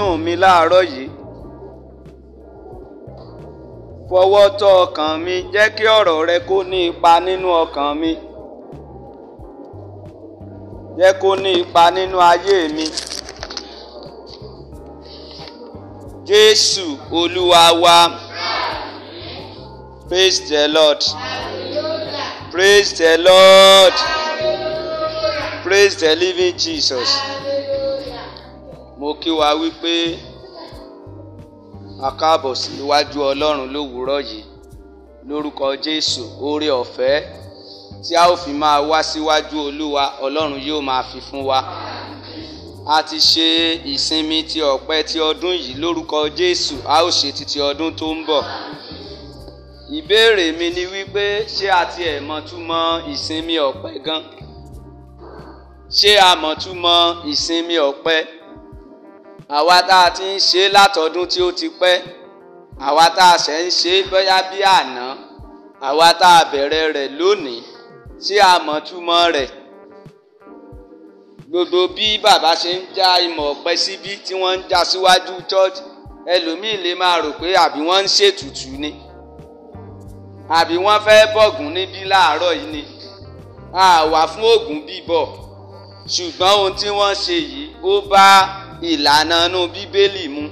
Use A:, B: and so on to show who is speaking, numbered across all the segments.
A: nínú mi láàárọ̀ yìí fọwọ́ tọ́ ọkàn mi jẹ́ kí ọ̀rọ̀ rẹ kó ní ipa nínú ọkàn mi jẹ́ kó ní ipa nínú ayé mi Jésù Olúwa wa praise the Lord praise the Lord praise the living Jesus. Hallelujah mo kí wa wípé a káàbọ̀ sí iwájú ọlọ́run lówùúrọ̀ yìí lórúkọ jésù oore ọ̀fẹ́ tí a ó fi máa wá síwájú olúwa ọlọ́run yóò máa fi fún wa a ti ṣe ìsinmi ti ọ̀pẹ ti ọdún yìí lórúkọ jésù a ó ṣe títí ọdún tó ń bọ̀ ìbéèrè mi ni wípé ṣé a ti ẹ̀ mọ̀túmọ̀ ìsinmi ọ̀pẹ gan ṣé a mọ̀túmọ̀ ìsinmi ọ̀pẹ àwa tá a ti ń ṣe látọdún tí ó ti pẹ́ àwa tá a ṣẹ̀ ń ṣe bóyá bí àná àwa tá a bẹ̀rẹ̀ rẹ̀ lónìí tí a mọ̀ túmọ̀ rẹ̀ gbogbo bí bàbá ṣe ń já ìmọ̀ ọ̀pẹ síbí tí wọ́n ń já síwájú chọ́ọ̀chì ẹlòmíì lè máa rò pé àbí wọ́n ń ṣètùtù ni àbí wọ́n fẹ́ bọ̀gùn níbí láàárọ̀ yìí ni a wà fún oògùn bíbọ̀ ṣùgbọ́n ohun tí wọ́n ṣe yìí ó bá ìlànà inú bíbélì mu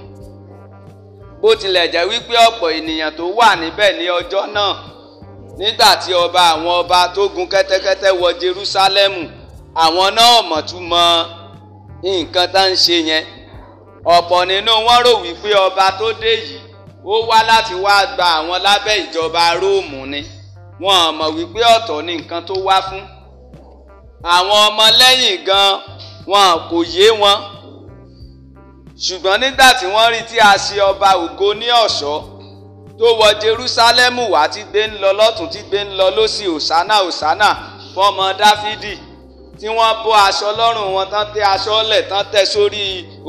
A: bó tilẹ̀ jẹ́ wípé ọ̀pọ̀ ènìyàn tó wà níbẹ̀ ní ọjọ́ náà nígbà tí ọba àwọn ọba tó gun kẹ́tẹ́kẹ́tẹ́ wọ Jerúsálẹ́mù àwọn náà mọ̀túmọ̀ nǹkan tá ń ṣe yẹn ọ̀pọ̀ nínú wọn rò wípé ọba tó dé yìí ó wá láti wá gba àwọn lábẹ́ ìjọba Róòmù ni wọn mọ̀ wípé ọ̀tọ̀ ni nǹkan tó wá fún àwọn ọmọlẹ́yìn gan wọn kò yé wọn ṣùgbọ́n nígbà tí wọ́n rí tí a ṣe ọba ògo ní ọ̀ṣọ́ tó wọ Jerúsálẹ́mù wá tí gbé ń lọ lọ́tún tí gbé ń lọ lọ́sì òsánà òsánà fọmọ Dáfídì tí wọ́n bó aṣọ lọ́rùn wọn tán tẹ́ aṣọ lẹ̀ tán tẹ́ sórí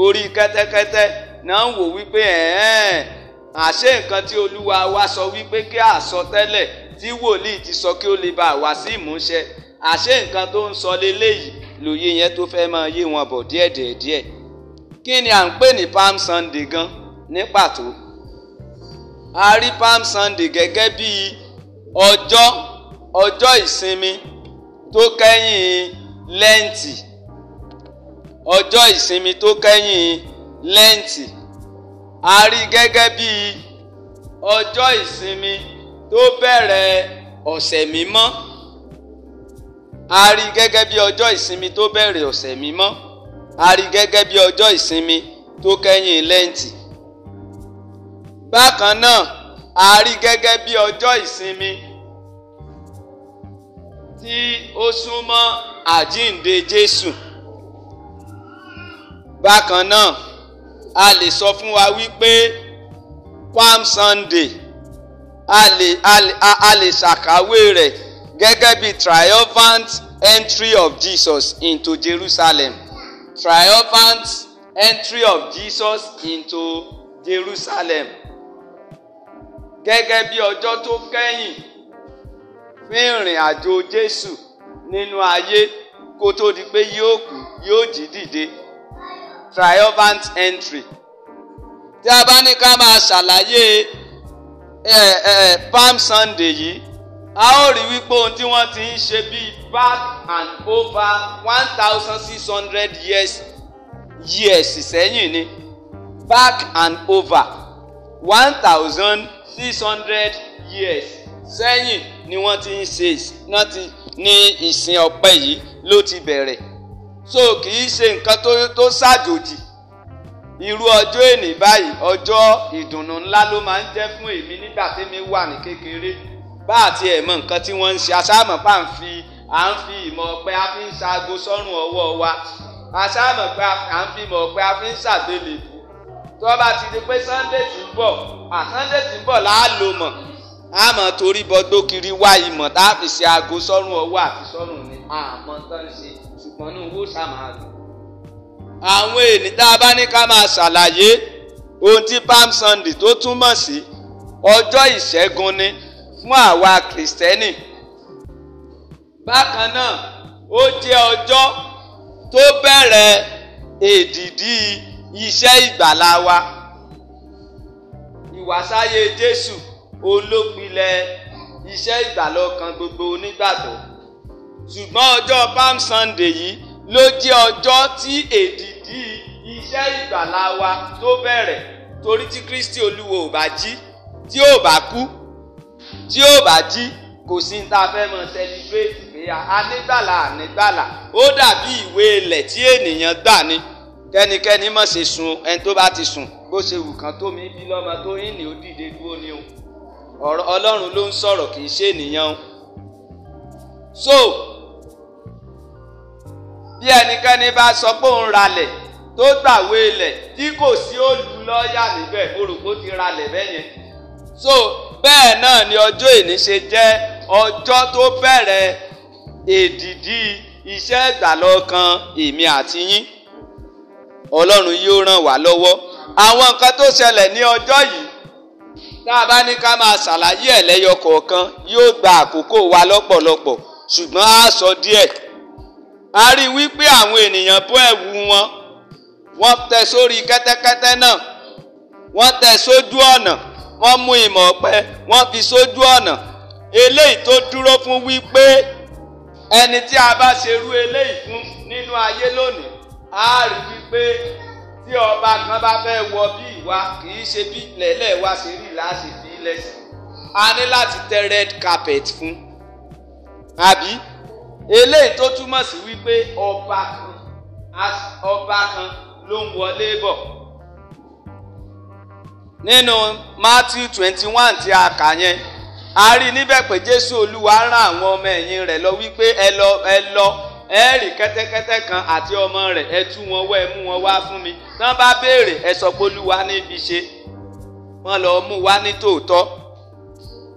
A: orí kẹ́tẹ́kẹ́tẹ́ náà ń wò wípé ẹ̀ẹ́n àṣé nǹkan tí Olúwa wa sọ wípé kí àsọtẹ́lẹ̀ tí wòlíì ti sọ kí ó lè bá wá sí ìmúṣẹ àṣé nǹkan tó ń sọ leléyìí lòye yẹn tó fẹ́ máa yé wọn bọ̀ díẹ̀díẹ̀díẹ̀ kí ni à ń pè ní palm sunday gan ní pàtó a rí palm sunday gẹ́gẹ́ bí ọjọ́ ọjọ́ ìsinmi tó kẹ́yìn lẹ́ǹtì ọjọ́ ìsinmi tó kẹ́yìn lẹ́ǹtì a rí gẹ́gẹ́ bí ọjọ́ ìsinmi tó bẹ̀rẹ̀ ọ̀sẹ̀ mímọ́ a rí gẹ́gẹ́ bí ọjọ́ ìsinmi tó bẹ̀rẹ̀ ọ̀sẹ̀ mímọ́ a rí gẹ́gẹ́ bí ọjọ́ ìsinmi tó kẹ́yìn lẹ́ǹtì. bákan náà a rí gẹ́gẹ́ bí ọjọ́ ìsinmi tí ó súnmọ́ àjíǹde Jésù. bákan náà a lè sọ fún wa wípé Palm Sunday a lè a lè a lè ṣàkàwé rẹ̀ gẹ́gẹ́ bí triumphant entry of Jesus into Jerusalem triumphant entry of Jesus into Jerusalem gẹ́gẹ́ bí ọjọ́ tó kẹ́yìn fún ìrìn àjò Jésù nínú ayé kó tó di pé yóò kú yóò jí dìde triumphant entry tí a bá ní ká máa ṣàlàyé Palm Sunday yìí a ó rí wípé ohun tí wọ́n ti ń ṣe bíi back and over one thousand six hundred years years sẹ́yìn ni back and over one thousand six hundred years sẹ́yìn ni wọ́n ti ń ṣe náà ti ní ìsìn ọ̀pẹ yìí ló ti bẹ̀rẹ̀ so kì í ṣe nǹkan tó tó ṣàjòjì irú ọjọ́ èní báyìí ọjọ́ ìdùnnú ńlá ló máa ń jẹ́ fún èmi nígbà tèmi wà ní kékeré bá àti ẹ̀ mọ nǹkan tí wọ́n ń ṣe aṣáàmọ̀ pa ń fi à ń fi ìmọ̀ ọ̀pẹ a fi ń ṣaago sọ́rùn ọwọ́ wa aṣáàmọ̀ pé à ń fi ìmọ̀ ọ̀pẹ a fi ń ṣàgbélé bù tó bá ti di pé Sunday ti ń bọ̀ à Sunday ti ń bọ̀ là á lò mọ̀ á mọ̀ torí bọgbó kiri wá ìmọ̀ tá a fi ṣe aago sọ́rùn ọwọ́ àti sọ́rùn ni àmọ́ tán ṣe ṣùgbọ́n ní owó ṣàmàlù àwọn ènìyàn tá a bá ní ká máa ṣàlàyé ohun tí Palm Sunday tó túmọ̀ sí ọjọ́ ìṣẹ́gun ni fún àwa kìrìsìtẹ́nì bákan náà ó jẹ́ ọjọ́ tó bẹ̀rẹ̀ èdìdí iṣẹ́ ìgbàlá wa ìwàsáyé Jésù olópinlẹ̀ iṣẹ́ ìgbàlá ọkàn gbogbo onígbàgbọ́ ṣùgbọ́n ọjọ́ Palm Sunday yìí ló jẹ́ ọjọ́ tí èdìdí iṣẹ́ ìgbàlá wa tó bẹ̀rẹ̀ torí tí Kristi Olúwo ò bá jí tí ò bá kú tí ó bá jí kò sí ní ta fẹ́ mọ sẹlifrétì pé anígbàlà anígbàlà ó dàbí ìwé ilẹ̀ tí ènìyàn gbà ni kẹ́nikẹ́ni mọ̀ ṣe sùn ẹni tó bá ti sùn bó ṣe wù kán tó mi bí lọ́mọ tó yín ni ó dìde dúró ni o ọlọ́run ló ń sọ̀rọ̀ kì í ṣe ènìyàn o so bí ẹnikẹ́ni bá sọ pé òun ralẹ̀ tó gbàwé ilẹ̀ tí kò sí olùlọ́yà níbẹ̀ mo rò pé ó ti ralẹ̀ bẹ́yẹn so bẹ́ẹ̀ náà ni ọjọ́ èní ṣe jẹ́ ọjọ́ tó bẹ̀rẹ̀ èdìdí iṣẹ́ ìgbàlọ́ kan èmi àti yín ọlọ́run yóò ràn wá lọ́wọ́ àwọn nǹkan tó ṣẹlẹ̀ ní ọjọ́ yìí tá a bá ní ká máa ṣàlàyé ẹ̀ lẹ́yọ kọ̀ọ̀kan yóò gba àkókò wa lọ́pọ̀lọpọ̀ ṣùgbọ́n a sọ díẹ̀ a rí i wípé àwọn ènìyàn bọ́ ẹ̀wù wọn wọ́n tẹ̀ sórí kẹ́tẹ́kẹ́tẹ́ náà wọ́n tẹ̀ sójú ọ̀nà wọ́n mú ìmọ̀ ọ̀pẹ wọ́n fi sójú ọ̀nà eléyìí tó dúró fún wípé ẹni tí a bá ṣerú eléyìí fún nínú ayé lónìí á rí wípé tí ọba kan bá fẹ́ wọ bí ìwà kì í ṣe bí lẹ́lẹ̀ wá ṣe rí láṣẹ bí lẹ́sìn a ní láti tẹ red carpet fún àbí eléyìí tó túmọ̀ sí wípé ọba kan ọba kan ló ń wọlé bọ̀ nínú matthew twenty one tí a kà yẹn a rí níbẹ̀ pé jésù olúwa ń rán àwọn ọmọ ẹ̀yìn rẹ̀ lọ wípé ẹ lọ ẹ lọ ẹ rí kẹ́tẹ́kẹ́tẹ́ kan àti ọmọ rẹ̀ ẹ tú wọn wá ẹ mú wọn wá fún mi tán bá béèrè ẹ sọ pé olúwa níbi ṣe wọn lọ mú wá ní tòótọ́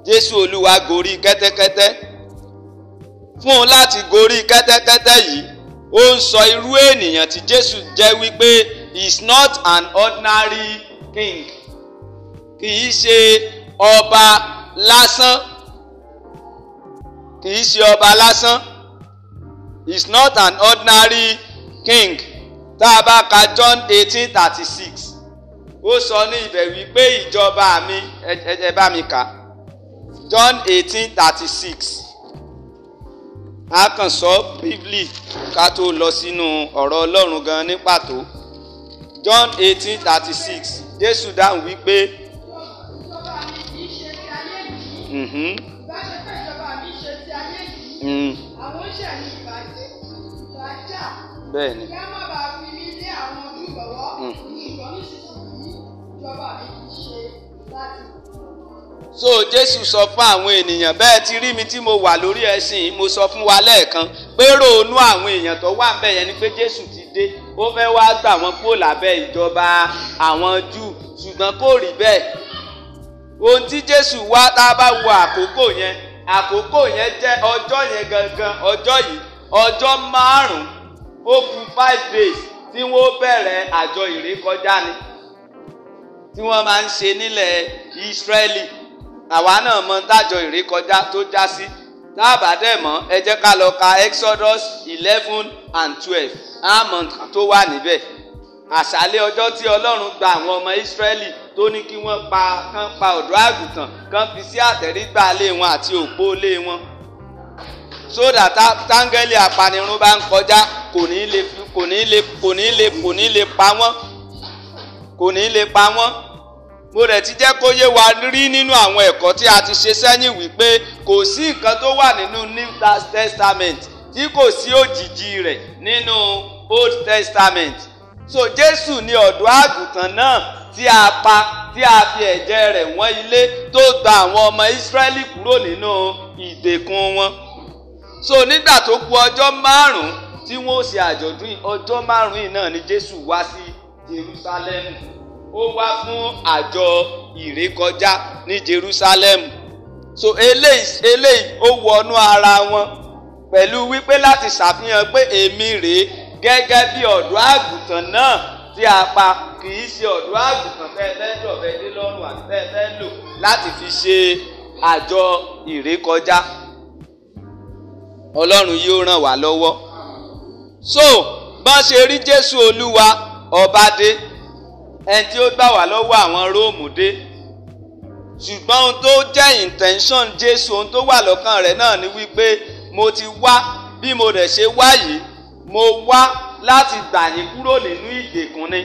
A: jésù olúwa gorí kẹ́tẹ́kẹ́tẹ́ fún un láti gorí kẹ́tẹ́kẹ́tẹ́ yìí ó ń sọ irú ènìyàn tí jésù jẹ́ wípé he is not an ordinary king kì í ṣe ọba lásán kì í ṣe ọba lásán is not an ordinary king tá a bá ka John eighteen thirty six ó sọ ní ibẹ̀ wípé ìjọba mi ẹ bá mi kà John eighteen thirty six a kàn sọ bíblì ká tó lọ sínú ọ̀rọ̀ Ọlọ́run gan ní pàtó John eighteen thirty six Jésù dáhùn wípé ìbáṣepọ̀ mm-hmm. mm-hmm. mm. so jésù sọ fún àwọn ènìyàn bẹ́ẹ̀ ti rí mi tí mo wà lórí ẹṣin mo sọ fún wa lẹ́ẹ̀kan pé ròónú àwọn èèyàn tó wà ń bẹ̀ yẹn ni pé jésù ti dé ó fẹ́ wá gbà wọ́n kúrò lábẹ́ ìjọba àwọn júù ṣùgbọ́n kò rí bẹ́ẹ̀ ohun tí jésù wá tá a bá wo àkókò yẹn àkókò yẹn jẹ́ ọjọ́ yẹn gangan ọjọ́ yìí ọjọ́ márùn-ún ó kù five days tí wọ́n bẹ̀rẹ̀ àjọ ìrékọjá ni tí wọ́n máa ń ṣe nílẹ̀ ìsírẹ́lì àwa náà mọ tájọ ìrékọjá tó já sí tá a bá dẹ̀ mọ́ ẹ jẹ́ ká lọ ka exodus eleven and twelve àmọ́ tó wà níbẹ̀ àṣálẹ́ ọjọ́ tí ọlọ́run gba àwọn ọmọ ìsírẹ́lì tó ní kí wọ́n pa kán pa ọ̀dọ́ àgùntàn kán fi sí àtẹ̀rígbà lé wọn àti òpó lé wọn. sódà táńgẹ́lì apanirun bá ń kọjá kò ní lè kò ní lè kò ní lè kò ní lè pa wọ́n kò ní lè pa wọ́n. mo rẹ̀ ti jẹ́ kó yé wa rí nínú àwọn ẹ̀kọ́ tí a ti ṣe sẹ́yìn wípé kò sí nǹkan tó wà nínú New Testament tí kò sí òjìji rẹ̀ nínú Old Testament so jésù ni ọ̀dọ́ àgùntàn náà tí a pa tí a fi ẹ̀jẹ̀ rẹ̀ wọ́n ilé tó gba àwọn ọmọ ìsírẹ́lì kúrò nínú ìdèkùn wọn so nígbà tó kù ọjọ́ márùn-ún tí wọ́n ṣe àjọ̀dún ọjọ́ márùn-ún náà ni jésù wá sí jerúsálẹ́mù ó wá fún àjọ ìrékọjá ní jerúsálẹ́mù so eléyìí eléyìí ó wọnú ara wọn pẹ̀lú wípé láti ṣàfihàn pé èmi rèé gẹ́gẹ́ bí ọ̀dọ́ àgùntàn náà tí a pa kì í ṣe ọ̀dọ́ àgùntàn tẹ́ ẹ fẹ́ dé lọ́rùn àti tẹ́ ẹ lò láti fi ṣe àjọ ìrékọjá ọlọ́run yóò ràn wá lọ́wọ́ so bá ṣe rí jésù olúwa ọba dé ẹni tí ó gbà wá lọ́wọ́ àwọn róòmù dé ṣùgbọ́n ohun tó jẹ́ intention jésù ohun tó wà lọ́kàn rẹ̀ náà ni wípé mo ti wá bí mo dẹ̀ ṣe wá yìí mo wá láti gbà yín kúrò nínú ìgbèkùn ni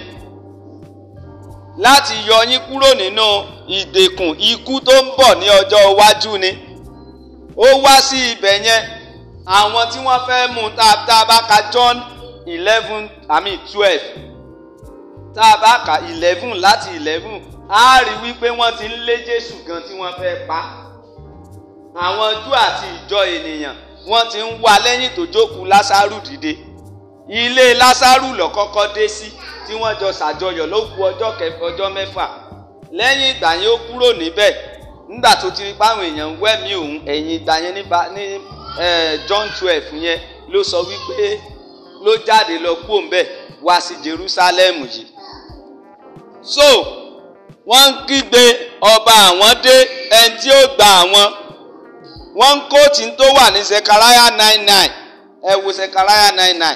A: láti yọ yín kúrò nínú ìgbèkùn ikú tó ń bọ̀ ní ọjọ́ iwájú ni ó wá sí ibẹ̀ yẹn àwọn tí wọ́n fẹ́ mú tá a bá ka John eleven i mean twelve tá a bá ka eleven láti eleven á rí wípé wọ́n ti ń lé Jésù gan tí wọ́n fẹ́ pa àwọn Júù àti ìjọ ènìyàn wọ́n ti ń wá lẹ́yìn tó jókòó Lásárù dìde ilé lasaru ló kọ́kọ́ dé sí tí wọ́n jọ ṣàjọyọ̀ ló kù ọjọ́ kẹfà ọjọ́ mẹ́fà lẹ́yìn ìgbà yẹn ó kúrò níbẹ̀ nígbà tó ti rí èèyàn ń òun ìgbà yẹn ní John twelve yẹn ló sọ wípé ló jáde lọ kú òǹbẹ̀ wá sí Jerusalem yìí so wọn ń kígbe ọba àwọn dé ẹni tí ó gba àwọn wọ́n ń kóòtù tó wà ní Zechariah nine nine ẹ wo nine nine.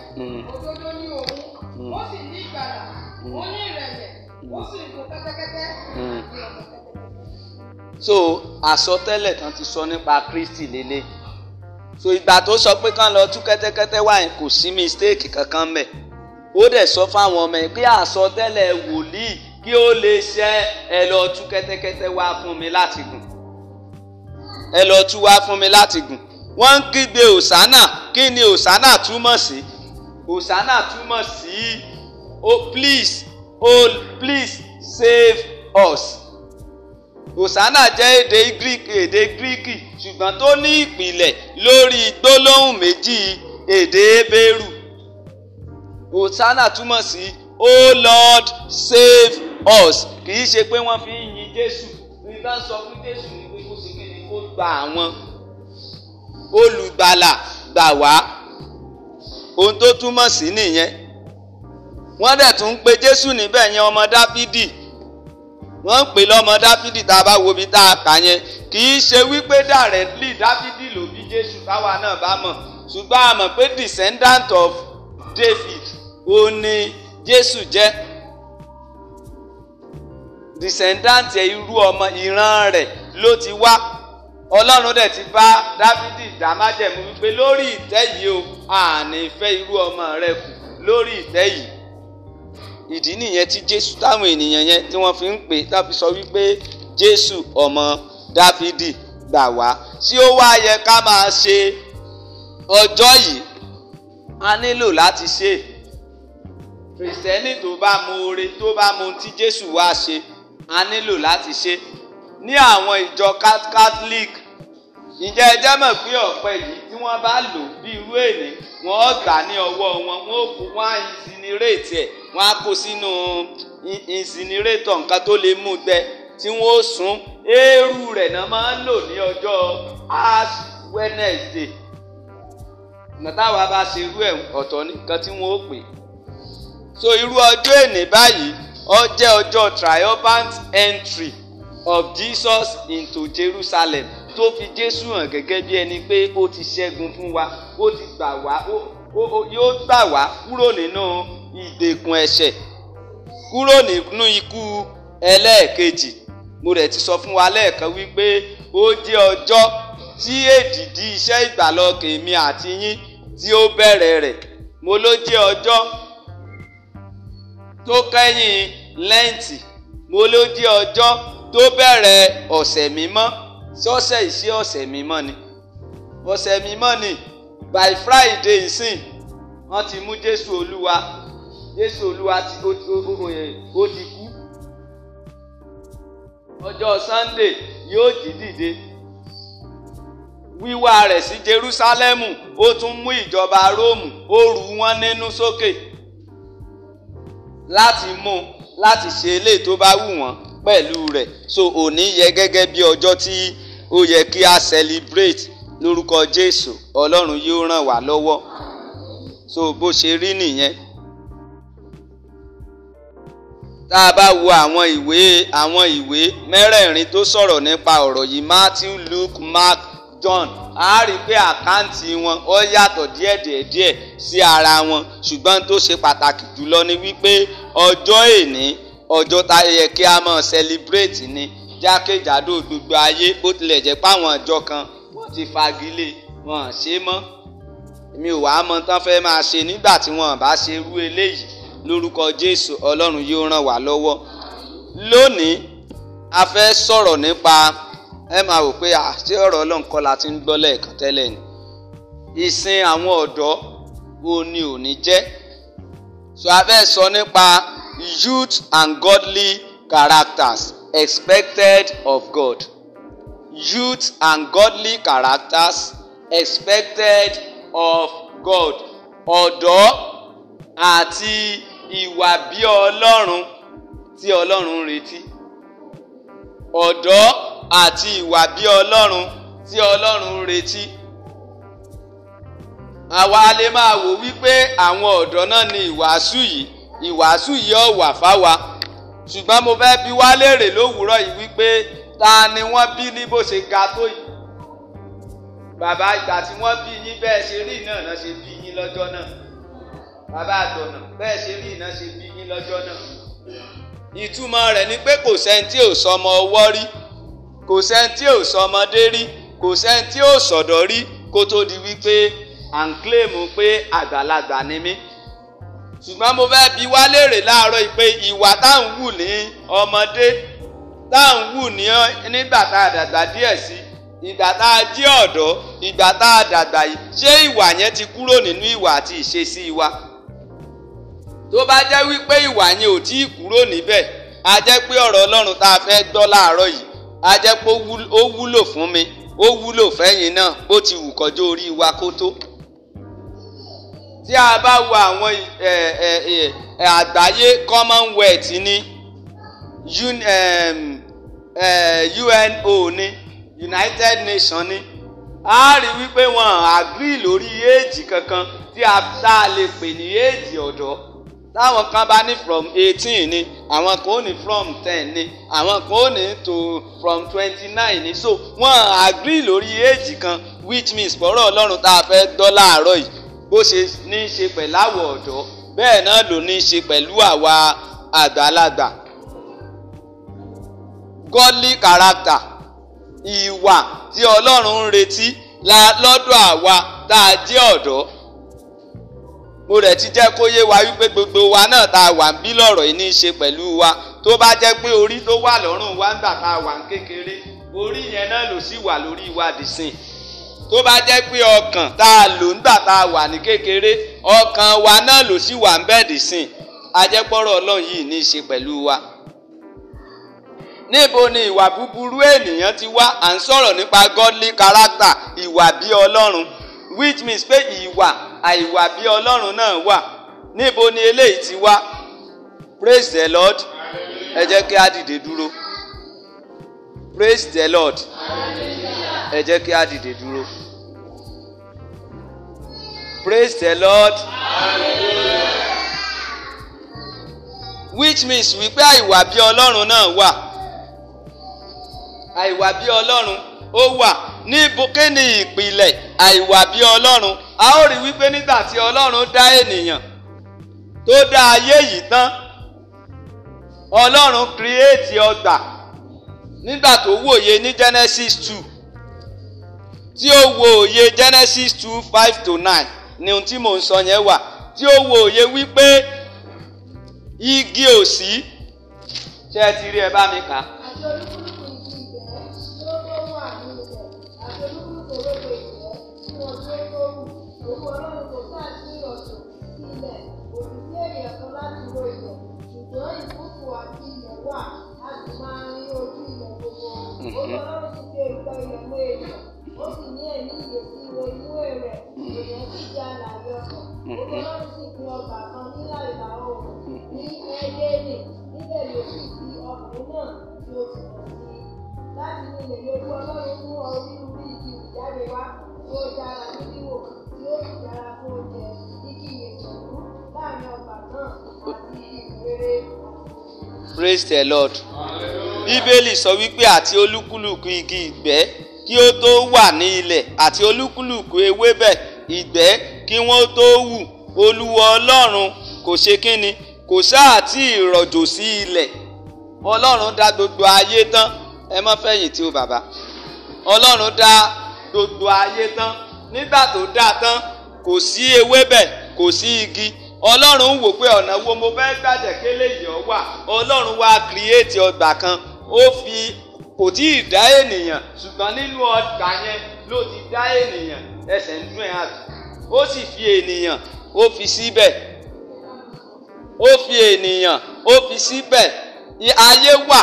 A: Hmm. so àsọtẹ́lẹ̀ tán ti sọ nípa Kristi lélẹ̀ so ìgbà tó sọ pé kán lọ tú kẹ́tẹ́kẹ́tẹ́ wá yẹn kò sí mistake kankan mẹ́ ó dẹ̀ sọ fáwọn ọmọ yẹn pé àsọtẹ́lẹ̀ wòlíì kí ó lè ṣẹ ẹ lọ tú kẹ́tẹ́kẹ́tẹ́ wá fún mi láti gùn ẹ lọ tú wá fún mi láti gùn wọ́n ń kígbe òsánà kí ni òsánà túmọ̀ sí òsánà túmọ̀ sí oh please oh please save us. Hosanna jẹ́ èdè Greek èdè Greek ṣùgbọ́n tó ní ìpìlẹ̀ lórí gbólóhùn méjì èdè Hébérù. Hosanna túmọ̀ sí oh Lord save us kì í ṣe pé wọ́n fi ń yin Jésù nígbà sọ fún Jésù ní pé kó ṣe kí ni kó gba àwọn olùgbàlà gbà wá ohun tó túmọ̀ sí nìyẹn wọ́n dẹ̀ tún ń pe jésù níbẹ̀ yẹn ọmọ dáfídì wọ́n ń pè lọ́mọ dáfídì tá a bá wo ibi tá a kà yẹn kì í ṣe wípé dàrẹ́lì dáfídì ló bí jésù táwa náà bá mọ̀ ṣùgbọ́n a pé descendant of david ó ní jésù jẹ́ descendant ẹ̀ irú ọmọ ìran rẹ̀ ló ti wá ọlọ́run dẹ̀ ti bá dáfídì dámájẹ̀mú wípé lórí ìtẹ́ yìí o àní fẹ́ irú ọmọ rẹ kù lórí ìtẹ́ yìí ìdí nìyẹn tí jésù táwọn ènìyàn yẹn tí wọ́n fi ń pè tá fi sọ wípé jésù ọmọ dáfídì gbà wá tí ó wá yẹ ká máa ṣe ọjọ́ yìí a nílò láti ṣe kìrìsìtẹ́nì tó bá mọ oore tó bá mọ tí jésù wá ṣe a nílò láti ṣe ní àwọn ìjọ catholic ǹjẹ́ ẹjẹ́ mọ̀ pé ọ̀pẹ yìí tí wọ́n bá lò bí irú èlé wọ́n ó gbà ní ọwọ́ wọn wọ́n ó kú wọ́n á incinerate ẹ̀ wọ́n á kó sínú incinerator nǹkan tó lè mú gbẹ tí wọ́n ó sun eérú rẹ̀ náà máa ń lò ní ọjọ́ ash wednesday nàtàwá bá ṣe irú ẹ̀ ọ̀tọ̀ nìkan tí wọ́n ó pè so irú ọjọ́ èní báyìí ó jẹ́ ọjọ́ triumphant entry of Jesus into Jerusalem tó fi Jésù hàn gẹ́gẹ́ bí ẹni pé ó ti ṣẹ́gun fún wa ó ti gbà wá yóò gbà wá kúrò nínú ìdèkùn ẹ̀ṣẹ̀ kúrò nínú ikú ẹlẹ́ẹ̀kejì mo rẹ̀ ti sọ fún wa lẹ́ẹ̀kan wípé ó jẹ́ ọjọ́ tí èdìdí iṣẹ́ ìgbàlọ́kè mi àti yín tí ó bẹ̀rẹ̀ rẹ̀ mo ló jẹ́ ọjọ́ tó kẹ́yìn lẹ́ǹtì mo ló jẹ́ ọjọ́ tó bẹ̀rẹ̀ ọ̀sẹ̀ mímọ́ ṣé ọ̀sẹ̀ ìṣe ọ̀sẹ̀ mímọ́ ni ọ̀sẹ̀ mímọ́ ni by Friday ìsìn wọ́n ti mú Jésù Olúwa Jésù Olúwa ti ó ti kú ọjọ́ Sunday yóò jí dìde wíwá rẹ̀ sí Jerúsálẹ́mù ó tún mú ìjọba Róòmù ó rú wọn nínú sókè láti mú láti ṣe eléyìí tó bá wù wọ́n pẹ̀lú rẹ̀ so òní yẹ gẹ́gẹ́ bí ọjọ́ tí ó yẹ kí a celebrate lórúkọ Jésù Ọlọ́run yóò ràn wá lọ́wọ́ so bó ṣe rí nìyẹn tá a bá wo àwọn ìwé àwọn ìwé mẹ́rẹ̀ẹ̀rin tó sọ̀rọ̀ nípa ọ̀rọ̀ yìí Matthew Luke Mark John a rí i pé àkáǹtì wọn ó yàtọ̀ díẹ̀díẹ̀díẹ̀ sí ara wọn ṣùgbọ́n tó ṣe pàtàkì jùlọ ni wípé ọjọ́ èní ọjọ́ tá a yẹ kí a máa celebrate ni jákèjádò gbogbo ayé bó tilẹ̀ jẹ́ páwọn ìjọ kan wọ́n ti fagilé wọn ṣe mọ́ èmi ò wá mọ tán fẹ́ máa ṣe nígbà tí wọn bá ṣe irú eléyìí lórúkọ Jésù Ọlọ́run yóò ràn wá lọ́wọ́ lónìí a fẹ́ sọ̀rọ̀ nípa ẹ máa wò pé àti ọ̀rọ̀ Ọlọ́run kọ́ la ti ń gbọ́ lẹ́ẹ̀kan tẹ́lẹ̀ ni ìsìn àwọn ọ̀dọ́ wo ni ò ní jẹ́ so a sọ nípa youth and godly characters expected of God. Youth and godly characters expected of God. Ọ̀dọ́ àti ìwà bí Ọlọ́run tí Ọlọ́run ń retí. Ọ̀dọ́ àti ìwà bí Ọlọ́run tí Ọlọ́run retí. Àwa lè máa wò wípé àwọn ọ̀dọ́ náà ni ìwàásù yìí ìwàásù yìí ó wà fáwa ṣùgbọ́n mo fẹ́ bi wá léèrè lówùúrọ̀ yìí wípé ta ni wọ́n bí ní bó ṣe ga tó yìí bàbá ìgbà tí wọ́n bí yín bẹ́ẹ̀ ṣe rí náà náà ṣe bí yín lọ́jọ́ náà bàbá àtọ̀nà bẹ́ẹ̀ ṣe rí náà ṣe bí yín lọ́jọ́ náà ìtumọ̀ rẹ̀ ni pé kò sẹ́ni tí ò sọmọ ọwọ́ rí kò sẹ́ni tí ò sọmọdé rí kò sẹ́ni tí ò sọ̀dọ̀ rí kó tó di wípé à ń kílèmù pé àgbàlagbà ni mí ṣùgbọ́n mo fẹ́ bi wá léèrè láàárọ̀ yìí pé ìwà tá à ń wù ní ọmọdé tá à ń wù ní nígbà tá a dàgbà díẹ̀ sí ìgbà tá a jí ọ̀dọ́ ìgbà tá a dàgbà yìí ṣé ìwà yẹn ti kúrò nínú ìwà àti ìṣesí wa tó bá jẹ́ wípé ìwà yẹn ò tí ì kúrò níbẹ̀ a jẹ́ pé ọ̀rọ̀ Ọlọ́run tá a fẹ́ gbọ́ láàárọ̀ yìí a jẹ́ pé ó wúlò fún mi ó wúlò fẹ́yìn náà bó ti wù kọjá orí wa kó tó tí a bá wo àwọn àgbáyé commonwealth ní UNO ní United Nations ní a rí wípé wọn agree lórí éèjì kankan tí a tá a lè pè ní éèjì ọ̀dọ́ táwọn kan bá ní from eighteen ni àwọn kan ó ní from ten ni àwọn kan ó ní to from twenty nine ni so wọn agree lórí éèjì kan which means pọ̀rọ̀ ọlọ́run tá a fẹ́ dọ́ láàárọ̀ yìí bó ṣe ní í ṣe pẹ̀lú àwọ̀ ọ̀dọ́ bẹ́ẹ̀ náà ló ní í ṣe pẹ̀lú àwa àgbàlagbà godly character ìwà tí ọlọ́run ń retí lọ́dọ̀ àwa tá a jẹ́ ọ̀dọ́ mo rẹ̀ ti jẹ́ kó yé wa wípé gbogbo wa náà tá a wà ń bí lọ́rọ̀ yìí ní í ṣe pẹ̀lú wa tó bá jẹ́ pé orí tó wà lọ́rùn wa ń gbà tá a wà ń kékeré orí yẹn náà ló sì wà lórí wa dìsìn tó bá jẹ́ pé ọkàn tá a lò nígbà tá a wà ní kékeré ọkàn wa náà ló sì wà ń bẹ́ẹ̀dì sìn ajẹ́pọ̀rọ̀ ọlọ́run yìí ní í ṣe pẹ̀lú wa. níbo ni ìwà búburú ènìyàn ti wá à ń sọ̀rọ̀ nípa godly character ìwà bí ọlọ́run which means pé ìwà àìwà bí ọlọ́run náà wà níbo ni eléyìí ti wá praise the lord ẹ jẹ́ kí a dìde dúró praise the lord ẹ jẹ́ kí a dìde dúró. Praise the Lord. Hallelujah. Which means wípé àìwà bí Ọlọ́run náà wà. Àìwà bí Ọlọ́run ó wà níbo kí ni ìpìlẹ̀ àìwà bí Ọlọ́run. A ó rí wípé nígbà tí Ọlọ́run dá ènìyàn tó dá ayé yìí tán Ọlọ́run kírẹ́ẹ̀tì ọgbà nígbà tó wòye ní Genesis two tí ó wo òye Genesis two five to nine ni ohun tí mò ń sọ yẹn wà tí ó wo òye wípé igi òsì ṣé ẹ ti rí ẹ bá mi kà á. praise the lord bíbélì sọ wípé àti olúkúlùkù igi ìgbẹ́ kí ó tó wà ní ilẹ̀ àti olúkúlùkù ewébẹ̀ ìgbẹ́ kí wọ́n tó wù olúwa ọlọ́run kò ṣe kíni kò sáà tí ìrọ̀jò sí ilẹ̀ ọlọ́run dá gbogbo ayé tán ẹ mọ́ fẹ̀yìntì o bàbá ọlọ́run dá gbogbo ayé tán nígbà tó dá tán kò sí ewébẹ̀ kò sí igi ọlọ́run wò pé ọ̀nà wo mo fẹ́ gbàjẹ́ kélé yìí wà ọlọ́run wá kírìẹ́tì ọgbà kan ó fi kò tí ì dá ènìyàn ṣùgbọ́n nínú ọgbà yẹn ló ti dá ènìyàn ẹsẹ̀ ń dún ẹ̀ àbí ó sì fi ènìyàn ó fi síbẹ̀ ó fi ènìyàn ó fi síbẹ̀ ayé wà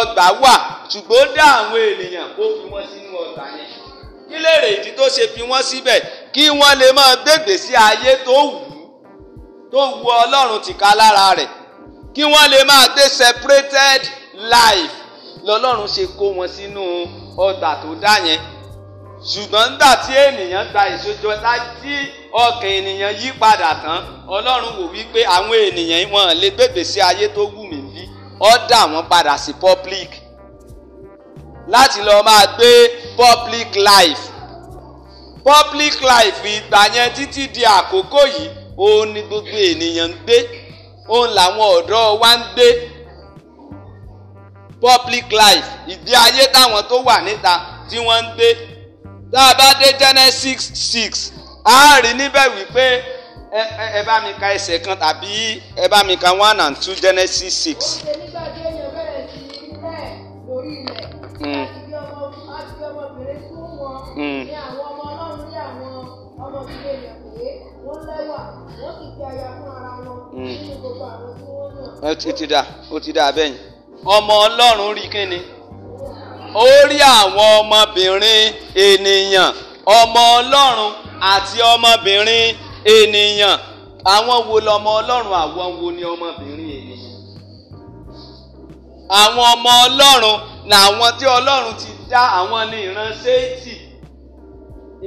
A: ọgbà wà ṣùgbọ́n ó dá àwọn ènìyàn ó fi wọ́n sínú ọgbà yẹn kí lèrè ìdí tó ṣe fi wọ́n síbẹ̀ kí wọ́n lè máa gbègbè sí ayé tó wù tó wu ọlọ́run tìka lára rẹ̀ kí wọ́n lè máa gbé separated life lọ́lọ́run ṣe kó wọn sínú ọgbà tó dá yẹn ṣùgbọ́n nígbà tí ènìyàn gba ìṣojú ọlá tí ọkàn ènìyàn yí padà tán ọlọ́run wò wípé àwọn ènìyàn wọn lè gbègbè sí ayé tó wù mí bí ó dá wọn padà sí public láti lọ máa gbé public life public life ìgbà yẹn títí di àkókò yìí òun ni gbogbo ènìyàn ń gbé òun làwọn ọ̀dọ́ wa ń gbé public life ìgbé ayé táwọn tó wà níta tí wọ́n ń gbé tá a bá dé Genesis six a rí níbẹ̀ wípé ẹ ẹ bá mi ka ẹsẹ̀ kan tàbí ẹ bá mi ka one and two Genesis six. ó ó ti dà ó ti dà bẹ́yìn ọmọ ọlọ́run rí kíni ó rí àwọn ọmọbìnrin ènìyàn ọmọ ọlọ́run àti ọmọbìnrin ènìyàn àwọn wo lọmọ ọlọ́run àwọn wo ni ọmọbìnrin ènìyàn àwọn ọmọ ọlọ́run làwọn tí ọlọ́run ti dá àwọn ní ìran ṣéètì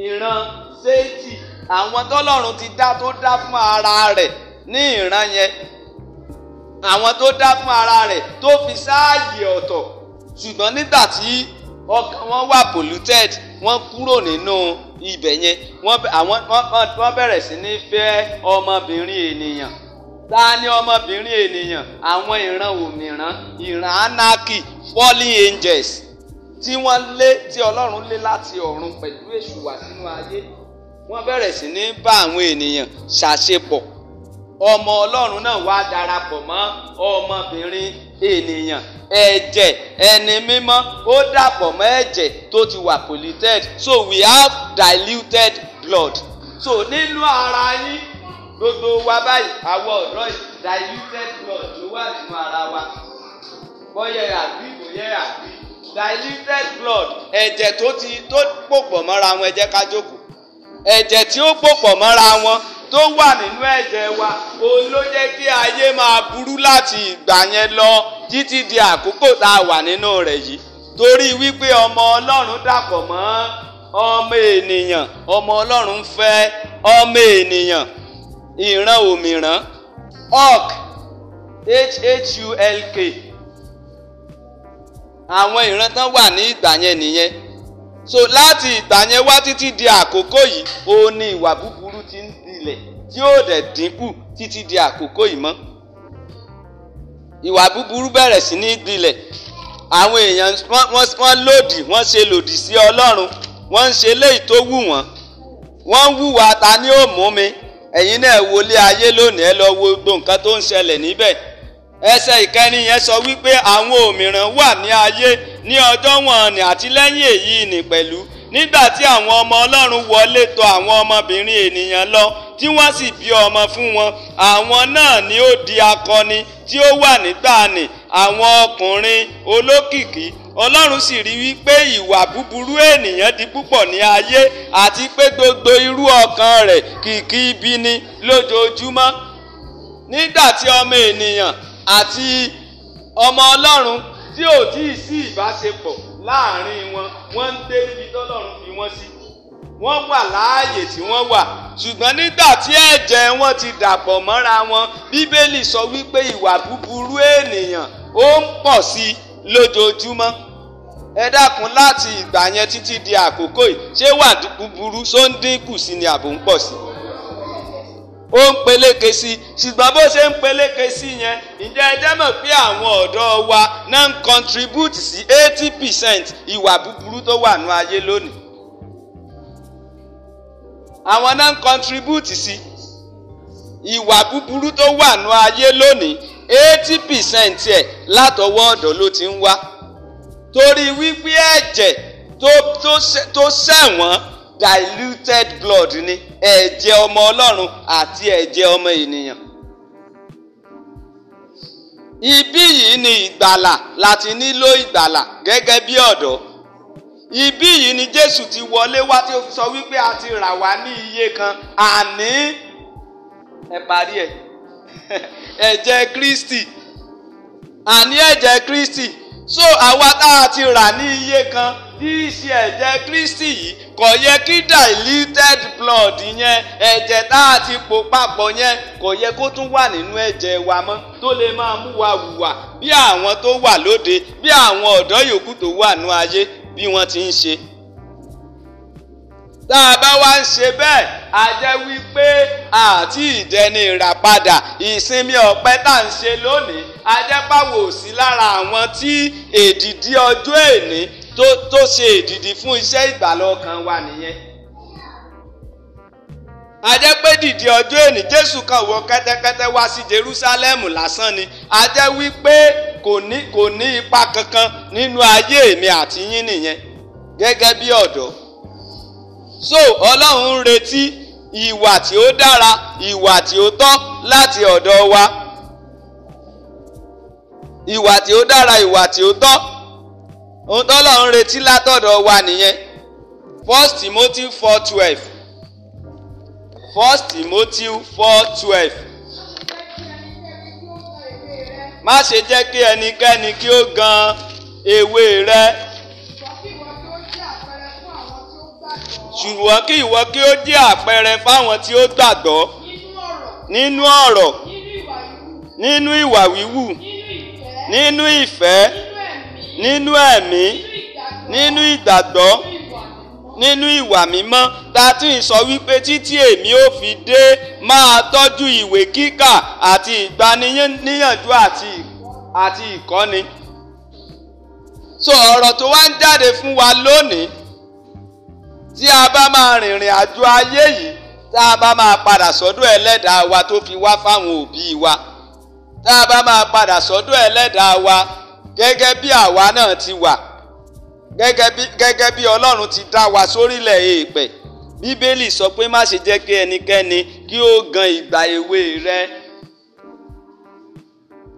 A: ìran séèjì àwọn tọ́lọ́run ti dá tó dá fún ara rẹ̀ ní ìran yẹn àwọn tó dá fún ara rẹ̀ tó fi sáàyè ọ̀tọ̀ ṣùgbọ́n nígbà tí ọkàn wọn wà polluted wọ́n kúrò nínú ibẹ̀ yẹn wọ́n bẹ̀rẹ̀ sí ní fẹ́ ọmọbìnrin ènìyàn ta ni ọmọbìnrin ènìyàn àwọn ìran òmìrán ìran anaki fallen angels tí wọ́n lé tí ọlọ́run lé láti ọ̀run pẹ̀lú èṣù wá sínú ayé wọ́n bẹ̀rẹ̀ sí ní bá àwọn ènìyàn ṣàṣepọ̀ ọmọ ọlọ́run náà wá darapọ̀ mọ́ ọmọbìnrin ènìyàn ẹ̀jẹ̀ ẹni mímọ́ ó dàpọ̀ mọ́ ẹ̀jẹ̀ tó ti wà polluted so we have diluted blood so nínú ara yín gbogbo wa báyìí àwọ̀ ọ̀dọ́ yìí diluted blood ló wà nínú ara wa bọ́yẹ àbí bọ́yẹ àbí diluted blood ẹ̀jẹ̀ tó ti tó pòpọ̀ mọ́ra wọn ẹ jẹ́ ẹ̀jẹ̀ tí ó pòpọ̀ mọ́ra wọn tó wà nínú ẹ̀jẹ̀ wa òun ló jẹ́ kí ayé máa burú láti ìgbà yẹn lọ títí di àkókò tá a wà nínú rẹ̀ yìí torí wípé ọmọ ọlọ́run dàpọ̀ mọ́ ọmọ ènìyàn ọmọ ọlọ́run fẹ́ ọmọ ènìyàn ìran òmìrán hulk h-h-u-l-k àwọn ìran tán wà ní ìgbà yẹn nìyẹn so láti ìgbà yẹn wá títí di àkókò yìí òun ni ìwà búburú ti ń dilẹ̀ tí ó dẹ̀ dínkù títí di àkókò yìí mọ́ ìwà búburú bẹ̀rẹ̀ sí ní dilẹ̀ àwọn èèyàn wọ́n lòdì wọ́n ṣe lòdì sí Ọlọ́run wọ́n ń ṣe léyìí tó wù wọ́n wọ́n ń wùwà ta ni ó ẹ̀yin náà wọlé ayé lónìí ẹ lọ wo gbogbo nǹkan tó ń ṣẹlẹ̀ níbẹ̀ ẹsẹ̀ ìkẹrin yẹn sọ wípé àwọn òmìrán wà ní ayé ní ọjọ́ wọ̀nnì àti lẹ́yìn èyí nì pẹ̀lú nígbà tí àwọn ọmọ ọlọ́run wọlé tọ àwọn ọmọbìnrin ènìyàn lọ tí wọ́n sì bí ọmọ fún wọn àwọn náà ni ó di akọni tí ó wà nígbà nì àwọn ọkùnrin olókìkí ọlọ́run sì rí wípé ìwà búburú ènìyàn di púpọ̀ ní ayé àti pé gbogbo irú ọkàn rẹ̀ kìkì ibi ni lójoojúmọ́ nígbà tí ọmọ ènìyàn àti ọmọ ọlọ́run tí ò tí ì sí ìbáṣepọ̀ láàrin wọn wọ́n ń dé níbi tọ́lọ́run fi wọ́n sí wọ́n wà láàyè tí wọ́n wà ṣùgbọ́n nígbà tí ẹ̀jẹ̀ wọn ti dàpọ̀ mọ́ra wọn bíbélì sọ wípé ìwà búburú ènìyàn ó ń pọ̀ sí i lójoojúmọ́ ẹ dákun láti ìgbà yẹn títí di àkókò yìí ṣé wà búburú só ń dínkù sí ni àbò ń pọ̀ sí i ó ń peléke sí i ṣùgbọ́n bó ṣe ń peléke sí yẹn ǹjẹ́ ẹ mọ̀ pé àwọn ọ̀dọ́ wa náà ń contribute sí eighty percent ìwà búburú tó wà nú ayé lónìí. àwọn náà ń contribute sí ìwà búburú tó wà nú ayé lónìí eighty percent ẹ̀ látọwọ́ ọ̀dọ́ ló ti ń wá torí wípé ẹ̀jẹ̀ tó ṣẹ̀wọ̀n diluted blood ni ẹ̀jẹ̀ ọmọ ọlọ́run àti ẹ̀jẹ̀ ọmọ ènìyàn. ibí yìí ni ìgbàlà láti nílò ìgbàlà gẹ́gẹ́ bí ọ̀dọ́ ibí yìí ni Jésù ti wọlé wá tí ó fi sọ wípé a ti rà wá ní iye kan àní ẹ parí ẹ ẹ̀jẹ̀ Kristi àní ẹ̀jẹ̀ Kristi so àwa tá a ti rà ní iye kan tí í ṣe ẹ̀jẹ̀ Kristi yìí kò yẹ kí diluted blood yẹn ẹ̀jẹ̀ tá a ti pò papọ̀ yẹn kò yẹ kó tún wà nínú ẹ̀jẹ̀ wa mọ́ tó lè máa mú wa hùwà bí àwọn tó wà lóde bí àwọn ọ̀dọ́ yòókù tó wà nú ayé bí wọ́n ti ń ṣe tá a bá wá ń ṣe bẹ́ẹ̀ a jẹ́ wípé àti ìdẹni ìràpadà ìsinmi ọ̀pẹ tá à ń ṣe lónìí a jẹ́ pàwọ̀ sí lára àwọn tí èdìdí ọjọ́ èní tó tó ṣe èdìdí fún iṣẹ́ ìgbàlọ́kàn wa nìyẹn. a jẹ́ pé dìdí ọjọ́ èní Jésù kan wọ kẹ́tẹ́kẹ́tẹ́ wá sí Jerúsálẹ́mù lásán ni a jẹ́ wípé kò ní ipa kankan nínú ayé èmi àti yín nìyẹn gẹ́gẹ́ bí ọ̀dọ́ so ọlọ́run ń retí ìwà tí ó dára ìwà tí ó tọ́ láti ọ̀dọ̀ wa ìwà tí ó dára ìwà tí ó tọ́ ohun tọ́lọ́run ń retí látọ̀dọ̀ wa nìyẹn first timothy four twelve first timothy four twelve má ṣe jẹ́ kí ẹnikẹ́ni kí ó gan ewé rẹ. ṣùgbọ́n kí ìwọ kí ó jẹ́ àpẹẹrẹ fáwọn tí ó gbàgbọ́ nínú ọ̀rọ̀ nínú ìwà wíwù nínú ìfẹ́ nínú ẹ̀mí nínú ìgbàgbọ́ nínú ìwà mímọ́ tàtí sọ wípé títí èmi ò fi dé máa tọ́jú ìwé kíkà àti ìgbaniníyànjú àti ìkọ́ni. so ọ̀rọ̀ tó wá ń jáde fún wa lónìí tí a bá máa rìnrìn àjò ayé yìí tá a bá máa padà sọ́dọ̀ ẹlẹ́dàá wa tó fi wá fáwọn òbí wa tá a bá máa padà sọ́dọ̀ ẹlẹ́dàá wa gẹ́gẹ́ bí àwa náà ti wà gẹ́gẹ́ bí ọlọ́run ti dá wa sórílẹ̀ èèpẹ̀ bíbélì sọ pé má ṣe jẹ́ kí ẹnikẹ́ni kí ó gan ìgbà èwe rẹ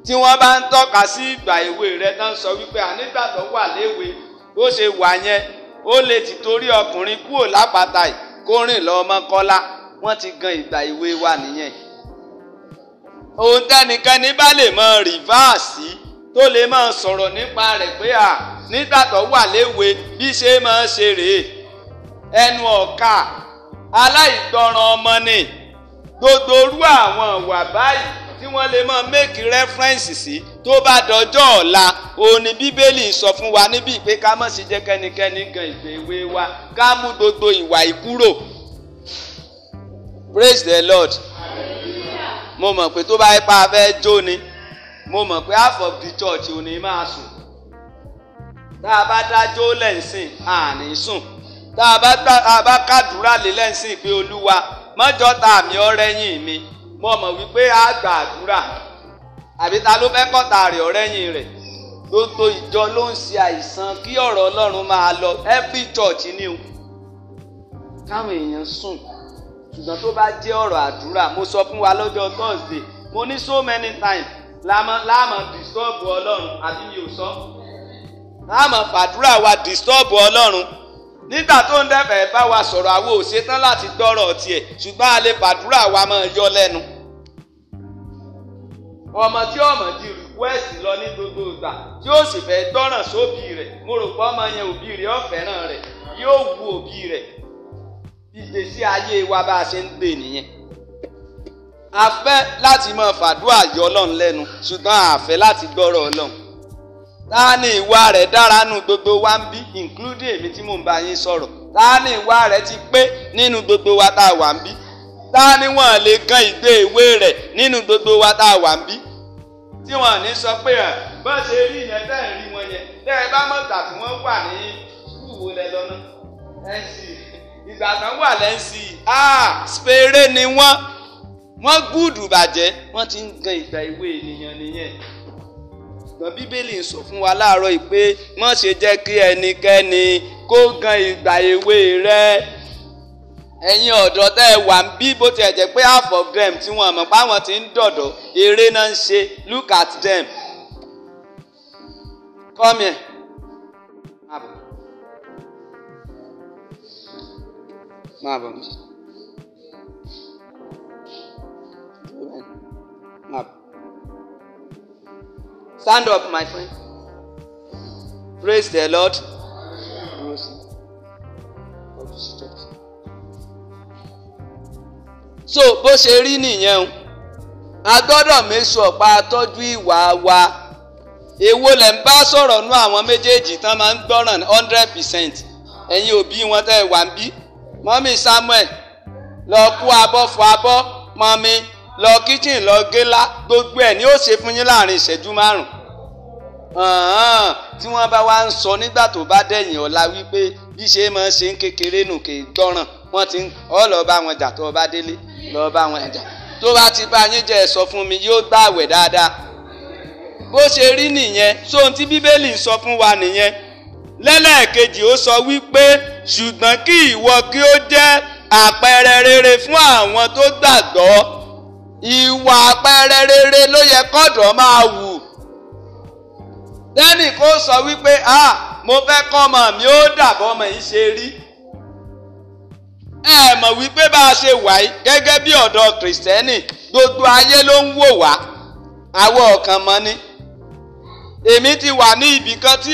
A: tí wọ́n bá ń tọ́ka sí ìgbà èwe rẹ tán sọ wípé ànígbà wà léwe bó ṣe wà yẹn ó lè ti torí ọkùnrin kúò lápáta yìí kó rìn lọ ọmọ kọ́lá wọ́n ti gan ìgbà ìwé wa nìyẹn. ohun tẹ́nìkan ní bá lè mọ rìváàsì tó lè mọ sọ̀rọ̀ nípa rẹ̀ pé à nígbà tó wà léwe bí ṣe máa ṣe rèé ẹnu ọ̀ka aláìgbọràn ọmọ ni gbogbo orú àwọn ìwà báyìí tí wọ́n lè mọ make reference sí. Si tó bá dọjọ́ ọ̀la òun bíbélì sọ fún wa níbi pé ká má sì jẹ́ kẹ́nikẹ́ni gan ìgbé ìwé wa ká mú gbogbo ìwà ìkúrò praise the lord mo mọ̀ pé tó bá yẹ fẹ́ jó ni mo mọ̀ pé half of the church ò máa sùn tá a bá dájọ́ lẹ́ǹsìn àní sùn tá a bá kàdúrà lé lẹ́ǹsìn pé olúwa mọ́jọ́ ta ọ̀rẹ́yìn mi mo mọ̀ wípé a gbàdúrà àbí ta ló fẹ́ kọ́ta rẹ̀ ọ̀rẹ́yìn rẹ̀ gbogbo ìjọ ló ń ṣe àìsàn kí ọ̀rọ̀ Ọlọ́run máa lọ every church ni o káwọn èèyàn sùn ṣùgbọ́n tó bá jẹ́ ọ̀rọ̀ àdúrà mo sọ fún wa lọ́jọ́ Thursday mo ní so many times láàmú disturb Ọlọ́run àbí mi ò sọ láàmú fàdúrà wa disturb Ọlọ́run nígbà tó ń dẹ́fẹ̀ẹ́ bá wa sọ̀rọ̀ àwọn òṣetán láti gbọ́rọ̀ tiẹ̀ ṣùgbọ́n a lè fàdúrà wa máa yọ lẹ́nu ọmọ tí ọmọ ti rìkwẹ́sì lọ ní gbogbo ìgbà tí ó sì fẹ́ gbọ́ràn sóbì rẹ̀ mo rò pé ọmọ yẹn òbí rẹ̀ ọ̀fẹ́ràn rẹ̀ yóò wu òbí rẹ̀ ìgbésí ayé wa bá a ṣe ń gbé nìyẹn a fẹ́ láti máa fàdúrà yọ ọlọ́run lẹ́nu ṣùgbọ́n a fẹ́ láti gbọ́rọ̀ ọlọ́run ta ni ìwà rẹ̀ dára nù gbogbo wa ń bí including èmi tí mò ń bá yín sọ̀rọ̀ ta ni ìwà rẹ̀ ti pé nínú gbogbo wa tá a wà ń bí ta ni wọ́n lè kan ìgbé ìwé rẹ̀ nínú gbogbo wa tá a wà ń bí tí wọ́n ní sọ pé hàn bá ṣe rí yẹn tẹ́ ẹ̀ rí wọn yẹn tẹ́ ẹ bá mọ̀tà tí wọ́n wà ní kúwo lẹ lọ́nà ẹ̀ǹsì ìgbà kan wà lẹ́ǹsì a ni wọ́n wọ́n gúdù bàjẹ́ wọ́n ti ń gan ìgbà ìwé ènìyàn nìyẹn ṣùgbọ́n bíbélì ń sọ fún wa láàárọ̀ yìí pé ṣe jẹ́ kí ẹnikẹ́ni kó gan ìgbà ìwé rẹ̀ ẹ̀yin ọ̀dọ́ tẹ́ ẹ wà ń bí bó tiẹ̀ jẹ́ pé half of them tí wọ́n mọ̀ páwọn ti ń dọ̀dọ̀ eré náà ń ṣe look at them come here. máa bọ̀ stand up my friend praise the Lord. so bó ṣe rí nìyẹn a gbọ́dọ̀ méṣù ọ̀pá tọ́jú ìwà wa èwo lẹ̀ ń bá sọ̀rọ̀ nú àwọn méjèèjì tán máa ń gbọ́ràn hundred percent ẹ̀yin òbí wọn tẹ́ ẹ wà ń bí mọ́mí Samuel lọ kú abọ́ fọ abọ́ mọ́mí lọ kíchìn lọ gélá gbogbo ẹ̀ ni ó ṣe fún yín láàrin ìṣẹ́jú márùn-ún tí wọ́n bá wá ń sọ nígbà tó bá dẹ̀yìn ọ̀la wípé bí ṣe máa ṣe ń kékeré nù kè gbọ́ràn wọ́n ti ń ọ lọ bá wọn jà tó o bá délé lọ bá wọn jà tó bá ti bá yín jẹ sọ fún mi yóò gbààwẹ̀ dáadáa bó ṣe rí nìyẹn sóhun tí bíbélì sọ fún wa nìyẹn lẹ́lẹ́ẹ̀kejì ó sọ wípé ṣùgbọ́n kí ìwọ kí ó jẹ́ àpẹẹrẹ rere fún àwọn tó gbàgbọ́ ìwà àpẹẹrẹ rere ló yẹ kọ́dọ̀ máa wù tẹ́nì kó sọ wípé ah mo fẹ́ kọ́ ọmọ mi ó dàbọ̀ ọmọ yìí ṣe rí ẹ mọ̀ wípé bá a ṣe wà yìí gẹ́gẹ́ bí ọ̀dọ́ kìrìsìtẹ́nì gbogbo ayé ló ń wò wá àwọn ọ̀kan mọ́ ni èmi ti wà ní ibì kan tí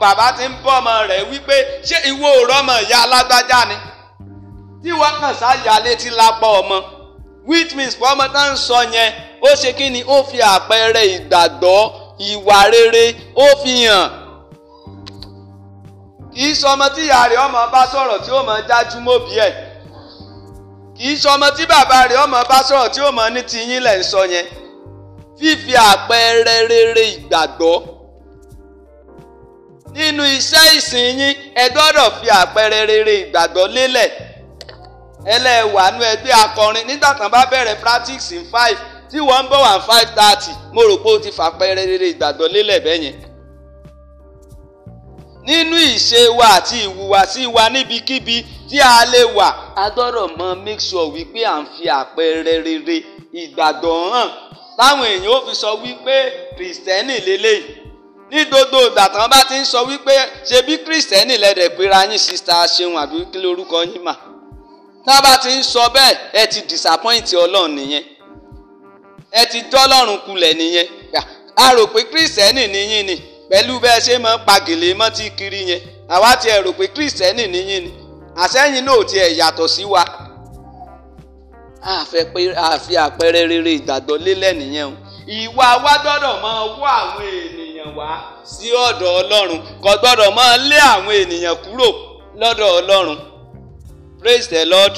A: bàbá ti ń bọ́ ọmọ rẹ̀ wípé ṣé ìwọ òrọ́mọ ìyá alágbájá ni tí wọ́n kàn sáyà létí lápá ọmọ which means fọmọ tá ń sọ yẹn ó ṣe kí ni ó fi àpẹẹrẹ ìgbàgbọ́ ìwà rere ó fi hàn kìí sọmọ tí ìyá rẹ̀ ọmọ bá sọ̀rọ̀ tí ó mọ jájú mọ́bí ẹ̀ kìí sọmọ tí bàbá rẹ̀ ọmọ bá sọ̀rọ̀ tí ó mọ ní tiyín lẹ̀ ń sọ yẹn fífi àpẹẹrẹ rere ìgbàgbọ́ nínú iṣẹ́ ìsìn yín ẹ gbọ́dọ̀ fi àpẹẹrẹ rere ìgbàgbọ́ lélẹ̀ ẹlẹ́wàánú ẹgbẹ́ akọrin nígbà kan bá bẹ̀rẹ̀ practice in five tí wọ́n ń bọ̀ wá five thirty mo rò pé o ti fàpẹẹrẹ rere ìgbàgbọ́ lélẹ̀ bẹ́yẹn nínú ìṣe wa àti ìhùwàsí wa níbikíbi tí a lè wà a gbọ́dọ̀ mọ make sure wípé à ń fi àpẹẹrẹ rere ìgbàgbọ́ hàn táwọn èèyàn ó fi sọ wípé kìrìsìtẹ́nì lélẹ́yìí ní gbogbo ìgbà tí wọ́n bá ti ń sọ wípé ṣe bí kìrìsìtẹ́nì lẹ́dẹ̀ péra yín sista ṣeun àbí kí lórúkọ yín mà tá a bá ti ń sọ bẹ́ẹ̀ ẹ ti disappoint ọlọ́run nìyẹn ẹ ti dọ́lọ́run kulẹ̀ nìyẹn a rò pé kìrìsìtẹ́nì nìyín ni. Yẹn pẹ̀lú bẹ́ẹ̀ ṣe máa ń pa gèlè mọ́tì kiri yẹn àwa tiẹ̀ rò pé kírísítẹ́nì níyìn ni àsẹ́yìn náà tiẹ̀ yàtọ̀ sí wa àfi àpẹẹrẹ rere ìgbàgbọ́ lélẹ̀ nìyẹn o ìwà wa gbọ́dọ̀ máa wọ́ àwọn ènìyàn wá sí ọ̀dọ̀ Ọlọ́run kò gbọ́dọ̀ máa lé àwọn ènìyàn kúrò lọ́dọ̀ Ọlọ́run praise the Lord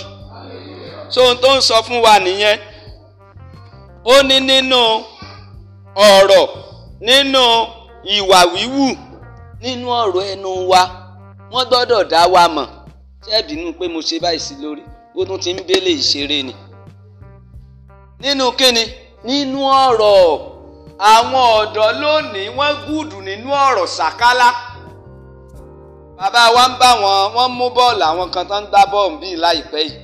A: so ohun tó ń sọ fún wa nìyẹn ó ní nínú ọ̀rọ̀ nínú. No, ìwà wíwù nínú ọ̀rọ̀ ẹnu wa wọ́n gbọ́dọ̀ dá wa mọ̀ ṣẹ́ẹ̀bínú pé mo ṣe báyìí sí lórí ó tún ti ń bélé ìṣeré ni. nínú kíni nínú ọ̀rọ̀ àwọn ọ̀dọ́ lónìí wọ́n gùdù nínú ọ̀rọ̀ ṣàkálá bàbá wa ń bá wọn wọ́n mú bọ́ọ̀lù àwọn kan tó ń gbá bọ́ọ̀lù bíi láìpẹ́ yìí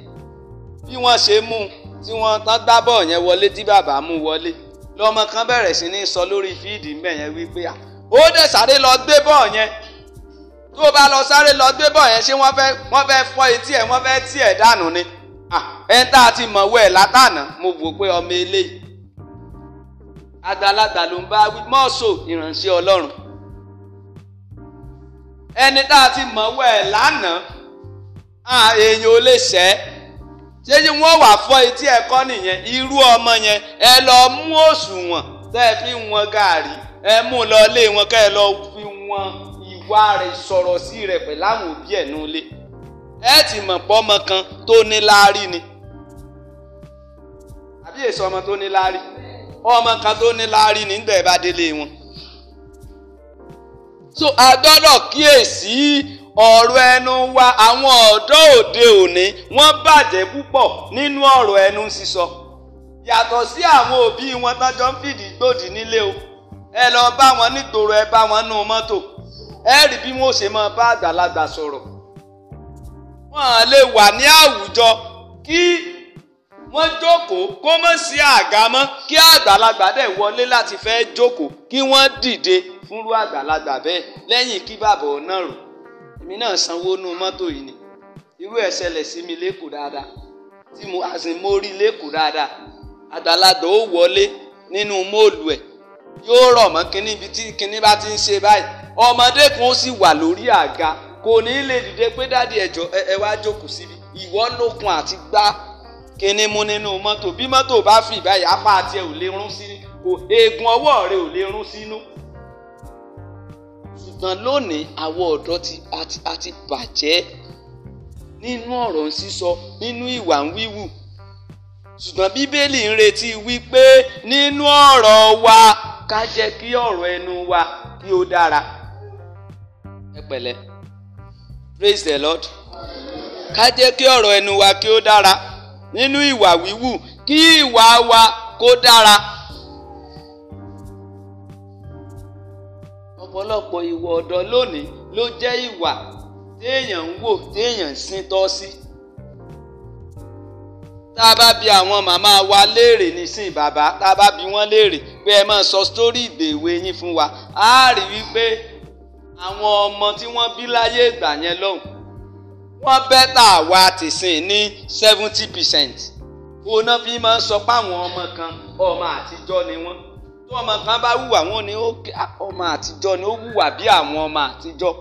A: bí wọ́n ṣe mú tí wọ́n tán gbá bọ́ọ̀lù yẹn wọlé tí bàbá mú wọlé lọ́mọ kan bẹ̀rẹ̀ sí ní sọ lórí fíìdì ńbẹ̀ yẹn wípé à ó dẹ̀ sáré lọ gbé bọ́ọ̀ yẹn tó o bá lọ sáré lọ gbé bọ́ọ̀ yẹn ṣé wọ́n fẹ́ wọ́n fẹ́ fọ́ etí ẹ̀ wọ́n fẹ́ tí ẹ̀ dànù ni ẹni tá a ti mọ̀wé ẹ̀ látànà mo wò pé ọmọ eléyìí àgbàlagbà ló ń bá wí mọ́ọ̀sọ̀ ìránṣẹ́ ọlọ́run ẹni tá a ti mọ̀wé ẹ̀ lánàá èèyàn ò lè ṣẹ́ ṣé ṣé wọ́n wà fọ́ etí ẹ̀kọ́ nìyẹn irú ọmọ yẹn ẹ lọ mú òṣùwọ̀n tẹ́ ẹ fi wọn gàárì ẹ mú lọ lé wọn ká ẹ lọ fi wọn ìwà rẹ̀ sọ̀rọ̀ sí rẹ̀ pẹ̀lú àwọn òbí ẹ̀ nù lé ẹ ti mọ̀ pọ́ ọmọ kan tó ní láárí ni àbí èso ọmọ tó ní láárí ọmọ kan tó ní láárí ni nígbà bá délé wọn so agbọ́dọ̀ kíyèsí ọ̀rọ̀ ẹnu wa àwọn ọ̀dọ́ òde òní wọ́n bàjẹ́ púpọ̀ nínú ọ̀rọ̀ ẹnu sísọ yàtọ̀ sí àwọn òbí wọn tọ́jọ́ ń fìdí gbòdì nílé o ẹ lọ bá wọn nígboro ẹ bá wọn nù mọ́tò ẹ rí bí wọn ò ṣe máa bá àgbàlagbà sọ̀rọ̀ wọn lè wà ní àwùjọ kí wọ́n jókòó kó mọ̀ sí àga mọ́ kí àgbàlagbà dẹ̀ wọlé láti fẹ́ jókòó kí wọ́n dìde fúnrú àgbàlagbà bẹ́ẹ̀ lẹ́yìn kí bàbá ọ̀nà rò èmi náà sanwó nú mọ́tò yìí ni irú ẹ̀ ṣẹlẹ̀ sí mi lẹ́kọ̀ọ́ dáadáa tí mo àsìn rí lẹ́kọ̀ọ́ dáadáa àgbàlagbà ó wọlé nínú móòlù ẹ̀ yóò rọ̀ mọ́ kínní ibi tí kínní bá ti ń ṣe báyìí ọmọdé kan ó sì wà lórí àga kò ní lè dìde pé dáàdi ẹ̀jọ̀ ẹ wá jókòó síbi ìwọ lókun àti gbá kínní mú nínú mọ́tò bí mọ́tò bá fi ìbáyìí apá àti ẹ̀ ò lè rún sí kò eegun ọwọ́ rẹ ò lè rún sínú. ṣùgbọ́n lónìí àwọn ọ̀dọ́ a ti bàjẹ́ nínú ọ̀rọ̀ sísọ nínú ìwà wíwù ṣùgbọ́n bíbélì ń retí wípé nínú ọ̀rọ̀ wa ká jẹ́ kí ọ̀rọ̀ ẹnu wa kí ó dára ẹ pẹ̀lẹ́ praise the lord ká jẹ́ kí ọ̀rọ̀ ẹnu wa kí ó dára nínú ìwà wíwù kí ìwà wa kó dára. ọ̀pọ̀lọpọ̀ ìwà ọ̀dọ́ lónìí ló jẹ́ ìwà téèyàn ń wò téèyàn ń sin tọ́ sí. Si tá a bá bi àwọn màmá wa léèrè nísìnyí bàbá tá a bá bi wọ́n léèrè pé ẹ máa sọ sítórì ìdèwé yín fún wa á rí wípé àwọn ọmọ tí wọ́n bí láyé ìgbà yẹn lọ́hùn wọ́n bẹ́tà wa tìsìn ní seventy percent òun náà fi máa ń sọ pé àwọn ọmọ kan ọmọ àtijọ́ ni wọ́n tó ọmọ kan bá wùwà wọn ni ah, ọmọ àtijọ́ ni ó wùwà bí àwọn ọmọ àtijọ́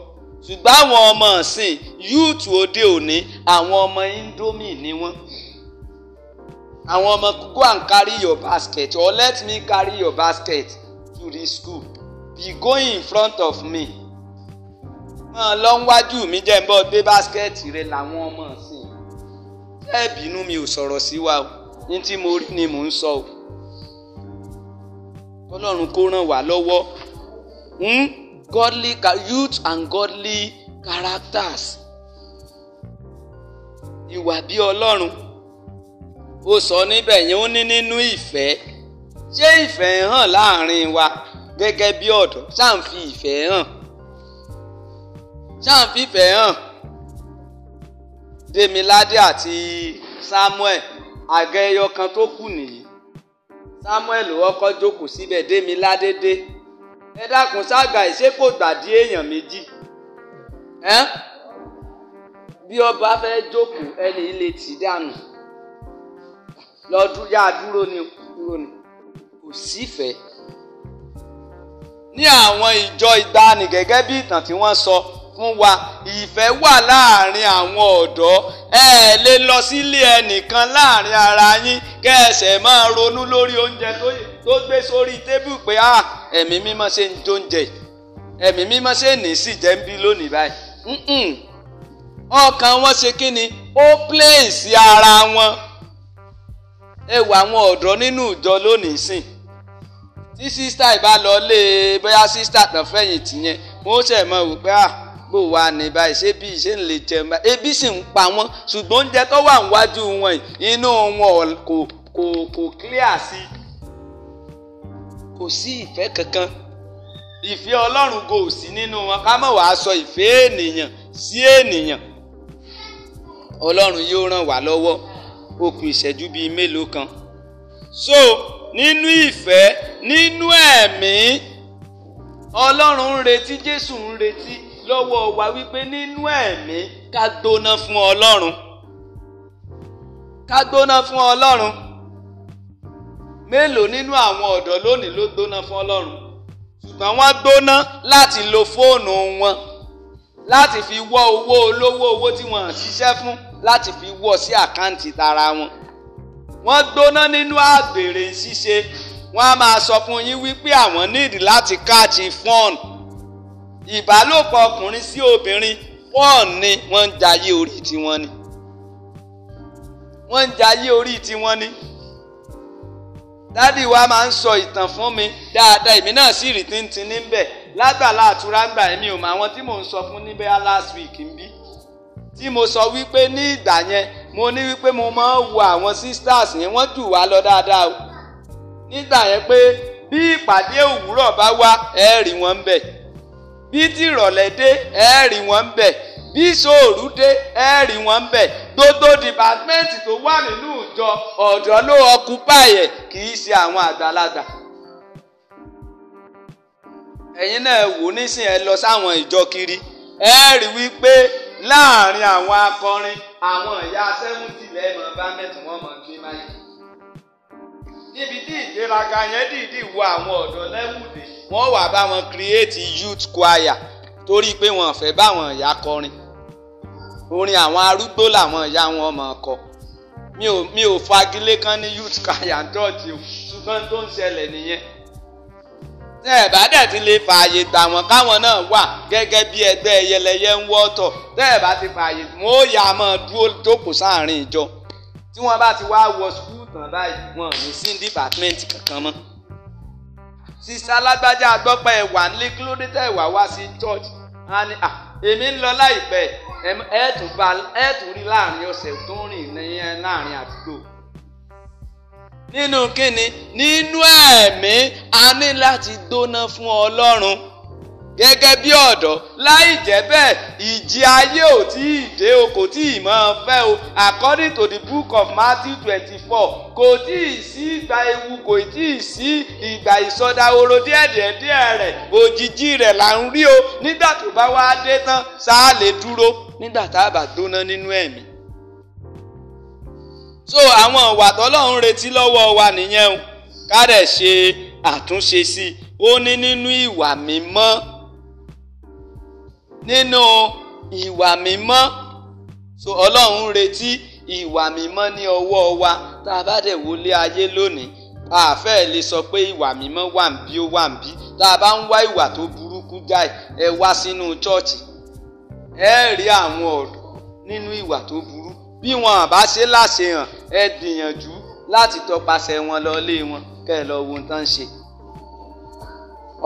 A: ṣùgbọ́n àwọn ọmọ ọ̀sìn yúùtù òde òní àwọn ọmọ índómì ni wọ́n àwọn ọmọ go and carry your basket or let me carry your basket to the school be going in front of me máa lọ wájú mi jẹ́ ń bọ́ gbé basket rẹ làwọn ọmọ sí i jẹ́ ìbínú mi ò sọ̀rọ̀ sí wa o ní tí mo rí ni mò ń sọ o ọlọ́run kó ràn wá lọ́wọ́ hmm? godly youth and godly characters ìwà bí ọlọ́run ó sọ níbẹ̀ yẹn ó ní nínú ìfẹ́ ṣé ìfẹ́ hàn láàrin wa gẹ́gẹ́ bí ọ̀dọ́ ṣáà ń fi ìfẹ́ hàn ṣáà ń fi ìfẹ́ hàn Demilade àti Samuel àga ẹyọ kan tó kù nìyí Samuel ọkọ jókòó síbẹ̀ Demilade dé ẹ dákun ságà ìṣe kò gbàdí èèyàn méjì bí ọba fẹ́ jókòó ẹni ilé tì dànù lọ́dún yá dúró ni dúró ni kò sífẹ̀ẹ́. ní àwọn ìjọ ìgbani gẹ́gẹ́ bí ìtàn tí wọ́n sọ fún wa ìfẹ́ wà láàrin àwọn ọ̀dọ́ ẹ lè lọ sílé ẹnìkan láàrin ara yín kẹsẹ̀ máa ronú lórí oúnjẹ tó gbé sórí tébù pé ah, ẹ̀mí mímọ́ ṣe ń jóúnjẹ ẹ̀mí mímọ́ ṣe ní sí jẹ́ ń bí lónìí báyìí ọkàn wọn ṣe kí ni ó pléèsì ara wọn ẹ wà àwọn ọ̀dọ́ nínú ìjọ lónìí sìn tí sísítà ìbá lọ lé e bóyá sísítà tán fẹ̀yìntì yẹn wọ́n ṣe mọ̀ wípé à ah, bó wà ní báyìí ṣé bí ṣe ń lè jẹun báyìí ebi sì ń pa wọ́n ṣùgbọ́n oúnjẹ tó wà níwájú wọn inú wọn kò kò kò clear sí i kò sí ìfẹ́ kankan ìfẹ́ ọlọ́run kò sí nínú wọn ká mọ̀ wá sọ ìfẹ́ ènìyàn sí ènìyàn ọlọ́run yóò ràn wá lọ́wọ́ ó ìṣẹ́jú bíi mélòó kan. so nínú ìfẹ́ nínú ẹ̀mí ọlọ́run ń retí jésù ń retí lọ́wọ́ wa wípé nínú ẹ̀mí ká gbóná fún ọlọ́run ká gbóná fún ọlọ́run mélòó nínú àwọn ọ̀dọ́ lónìí ló gbóná fún ọlọ́run ṣùgbọ́n wọ́n gbóná láti lo fóònù wọn láti fi wọ́ owó olówó owó tí wọ́n ṣiṣẹ́ fún láti fi wọ̀ sí àkáǹtì tara wọn. wọ́n gbóná nínú àgbèrè ṣíṣe wọ́n á máa sọ fún yín wípé àwọn níìdì láti káàtì fọ́ọ̀n ìbálòpọ̀ ọkùnrin sí obìnrin fọ́ọ̀n ni wọ́n ń jayé orí tiwọn ni wọ́n ń jayé orí tiwọn ni dádì wa máa ń sọ ìtàn fún mi dáadáa èmi náà sì rí tíntín níbẹ̀ lágbàlá àtúrágbà èmi ò mọ àwọn tí mò ń sọ fún níbẹ̀ last week ń bí tí mo sọ wípé ní ìgbà yẹn mo ní wípé mo máa ń wo àwọn sisters yẹn wọ́n jù wá lọ dáadáa o nígbà yẹn pé bí ìpàdé òwúrọ̀ bá wá ẹ rí wọn bẹ̀ bí tìrọ̀lẹ́ dé ẹ rí wọn bẹ̀ bí sòòrù dé ẹ rí wọn bẹ̀ gbogbo dìpátímẹ́ǹtì tó wà nínú ìjọ ọ̀dọ́ ló ọkùpáì kì í ṣe àwọn àgbàlagbà ẹ̀yin náà wò nísìnyẹn lọ sáwọn ìjọ kiri ẹ rí wípé láàrin àwọn akọrin àwọn ìyá sẹ́wùntì lẹ́ẹ̀mọ́ bá mẹ́tì wọ́n mọ̀ kí máyì. níbi tí ìgbéraga yẹn dìídì wo àwọn ọ̀dọ́ lẹ́wùdè wọ́n wà bá wọn create youth choir torí pé wọ́n fẹ́ báwọn ìyá kọrin orin àwọn arúgbó làwọn ìyá wọn mọ̀ kọ mi ò mi ò fagilé kan ní youth choir church o ṣùgbọ́n tó ń ṣẹlẹ̀ nìyẹn tẹ́ ẹ̀ bá dẹ̀ ti lè fààyè gbà wọ́n káwọn náà wà gẹ́gẹ́ bí ẹgbẹ́ ẹyẹlẹyẹ ń wọ́tọ̀ tẹ́ ẹ̀ bá ti fààyè wọ́n ó yà á máa dúró jókòó sáàrin ìjọ tí wọ́n bá ti wá wọ sùkúù tán báyìí wọn ò ní sí dìpátímẹ́ǹtì kankan mọ́. sísá lágbájá gbọ́pẹ́ ẹ̀wà nílé kí ló dé tẹ́ ẹ̀wà wá sí church á ní à èmi ń lọ láìpẹ́ ẹ̀ tún rí láàrin ọ̀sẹ̀ tó ń rìn láàrin àdúgbò nínú kíni nínú ẹ̀mí a ní láti dóná fún ọlọ́run gẹ́gẹ́ bí ọ̀dọ́ láì jẹ́ bẹ́ẹ̀ ìjì ayé ò tí ì dé o kò tí ì máa fẹ́ o according to the book of Matthew twenty four kò tí ì sí ìgbà ewu kò tí ì sí ìgbà ìsọdahoro díẹ̀díẹ̀ díẹ̀ rẹ̀ òjijì rẹ̀ là ń rí o nígbà tó bá wá dé tán sáà lè dúró nígbà tá a bá dóná nínú ẹ̀mí so àwọn ọ̀wà tọ́lọ́run retí lọ́wọ́ wa nìyẹn o ká dẹ̀ ṣe àtúnṣe sí i ó ní nínú ìwà mímọ́ nínú ìwà mímọ́ so ọlọ́run retí ìwà mímọ́ ní ọwọ́ wa tá a bá dẹ̀ wọlé ayé lónìí a fẹ́ lè sọ pé ìwà mímọ́ wà ń bí ó wà ń bí tá a bá ń wá ìwà tó burúkú jáì ẹ wá sínú chọ́ọ̀chì ẹ rí àwọn ọ̀dọ́ nínú ìwà tó burú bí wọn àbá ṣe láṣẹ hàn ẹ gbìyànjú láti tọpasẹ̀ wọn lọ lé wọn kẹ́ ẹ lọ wo ohun tán ń ṣe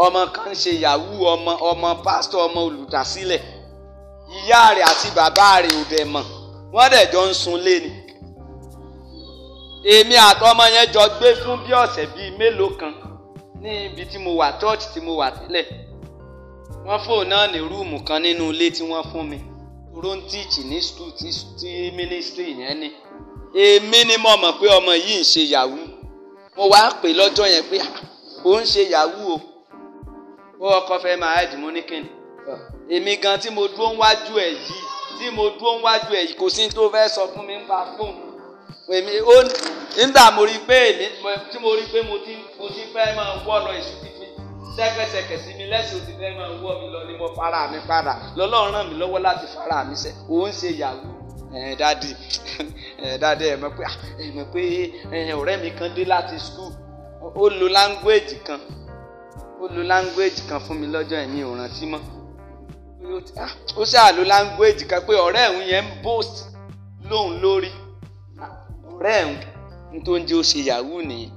A: ọmọ kan ń ṣe yahoo ọmọ ọmọ pásítọ̀ ọmọ olùdásílẹ̀ ìyá rẹ̀ àti bàbá rẹ̀ ò bẹ̀ mọ̀ wọ́n dẹ̀ jọ ń sun lé ni èmi àtọmọ yẹn jọ gbé fún bí ọ̀sẹ̀ bíi mélòó kan ní ibi tí mo wà church tí mo wà tẹ́lẹ̀ wọ́n fóònù náà ní rúùmù kan nínú ilé tí wọ́n fún mi. Rontich ní school tí ministry yẹn ni èmi ni mo mọ̀ pé ọmọ yìí ń ṣe yahoo mo wá pè lọ́jọ́ yẹn pé ah, ó ń ṣe yahoo o ó ọkọ fẹ́ máa hide mo ní kíni èmi gan tí mo dúró wájú ẹ̀ yìí tí mo dúró wájú ẹ̀ yìí kò sí tó fẹ́ sọ fún mi ń pa fóònù èmi ó nígbà mo rí pé èmi tí mo rí pé mo ti fẹ́ máa wọ́ lọ ìṣúbí ṣẹ̀kẹ̀ṣẹ̀kẹ̀ sí mi lẹ́sìn òtí fẹ́ máa mi lọ ni mo fara mi para lọ́lọ́run ràn mí lọ́wọ́ láti fara mi sẹ́ òun ṣe yahoo mọ̀ pé mi kan dé school ó lo language kan ó lo language kan fún mi lọ́jọ́ ẹ̀mí ò rántí mọ́ ó lo language kan pé ọ̀rẹ́ yẹn ń boast lórí ọ̀rẹ́ tó yahoo nìyẹn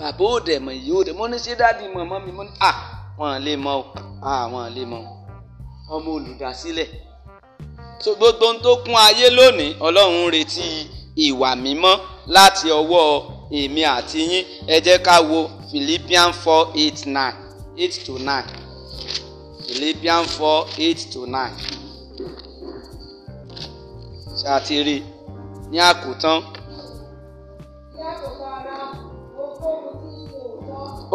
A: bàbá ò dẹ̀ mọ̀ ìyá ò dẹ̀ mọ̀ ní ṣé dáàdi mọ̀ mọ́ mi mọ́ ní à wọ́n lè mọ̀ o à wọ́n lè mọ̀ o ọmọ olùdásílẹ̀ so gbogbo ohun tó kún ayé lónìí ọlọ́run ń retí ìwà mímọ́ láti ọwọ́ èmi àti yín ẹ jẹ́ ká wo Philippian four eight nine eight to nine Philippian four eight to nine ṣàtìrì ní àkótán.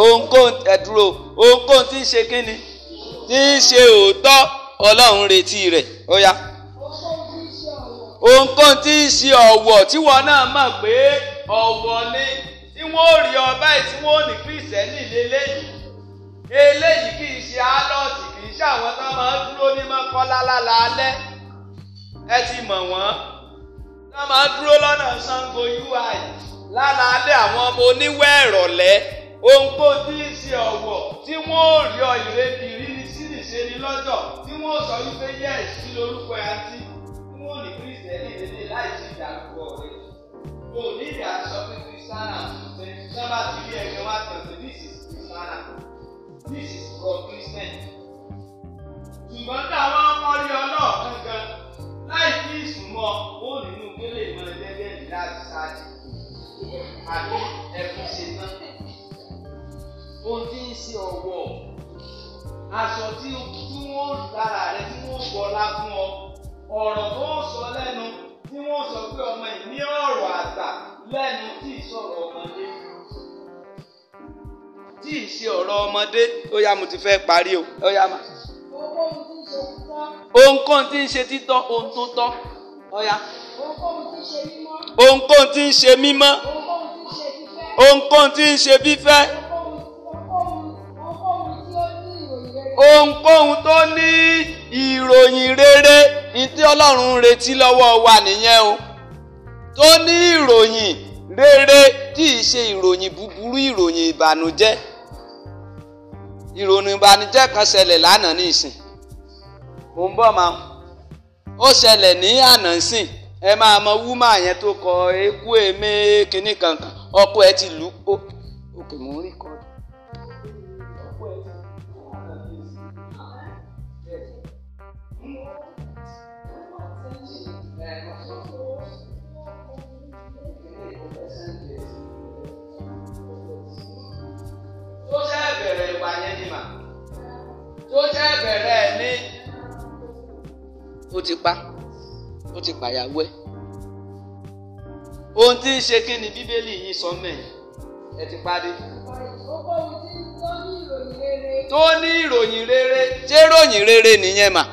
A: ohunkóhun ẹ̀dúró ohunkóhun tí ń ṣe kíni tí ń ṣe òótọ́ ọlọ́run retí rẹ̀ ó yá ohunkóhun tí ń ṣe ọ̀wọ̀ tí wọn náà mọ̀ pé ọ̀wọ̀ ni tí wọ́n rí ọba yìí tí wọ́n ní kìrìsẹ́nì lélẹ́yìí eléyìí kì í ṣe álọ́ọ̀tì kì í ṣe àwọn tó máa ń dúró ní mọ́kànlá lálẹ́ ẹ ti mọ̀ wọ́n tó máa ń dúró lọ́nà Ṣàngó ui lálẹ́ àwọn ọmọ oníwẹ̀ ìrọ̀lẹ́ ohun tó ti ń ṣe ọ̀wọ̀ tí wọ́n ò rí ọ ìrètí rí ni sí nìṣe ni lọ́jọ́ tí wọ́n ò sọ wípé yẹ́ẹ̀ sí lórúkọ ẹ̀ àti tí wọ́n ò ní kírísítẹ́nì lélẹ̀ láì sí ìdàrúkọ rẹ̀. o ní ìdí àti sọ pé ṣe sábà ti rí ẹgbẹ́ wá tẹ̀sán this is kristana this is from christian. ṣùgbọ́n táwọn ọmọ rí ọ náà kankan láì sí ìsúnmọ́ ó nínú kélé ìmọ̀ ẹ̀dẹ́gbẹ̀rún láti ṣáájú àbí ẹ̀kún ṣe tán ohun tí ń ṣe ọ̀wọ̀ aṣọ tí wọ́n dára rẹ tí wọ́n gbọ́lá fún ọ ọ̀rọ̀ tó ń sọ lẹ́nu tí wọ́n sọ pé ọmọ yìí ní ọ̀rọ̀ àgbà lẹ́nu tí ìsọ̀rọ̀ ọmọdé tí ìṣe ọ̀rọ̀ ọmọdé ó yá mo ti fẹ́ parí o ó yá ma. ohunkóhun tí ń ṣe títọ́ ohun tó tọ́ ó yá. ohunkóhun tí ń ṣe mímọ́ ohunkóhun tí ń ṣe fífẹ́. ohunkóhun tó ní ìròyìn rere ní tí ọlọ́run retí lọ́wọ́ wa nìyẹn o tó ní ìròyìn rere tí ì ṣe ìròyìn búburú ìròyìn ìbànújẹ́ ìròyìn ìbànújẹ́ kan ṣẹlẹ̀ lánàá ní ìsìn mò ń bọ̀ máa ó ṣẹlẹ̀ ní àná ìsìn ẹ máa mọ wúmà yẹn tó kọ eku èmé kinní kankan ọkọ ẹ ti lù ó òkè mò ń rí kọ tó jẹ́ bẹ̀rẹ̀ ní. ó ti pa ó ti pàyàwó ẹ̀ ohun tí ń ṣe kí ni bíbélì yìí sọ mẹ́yìn ẹ ti parí. tó ní ìròyìn rere ṣé ròyìn rere nìyẹn mà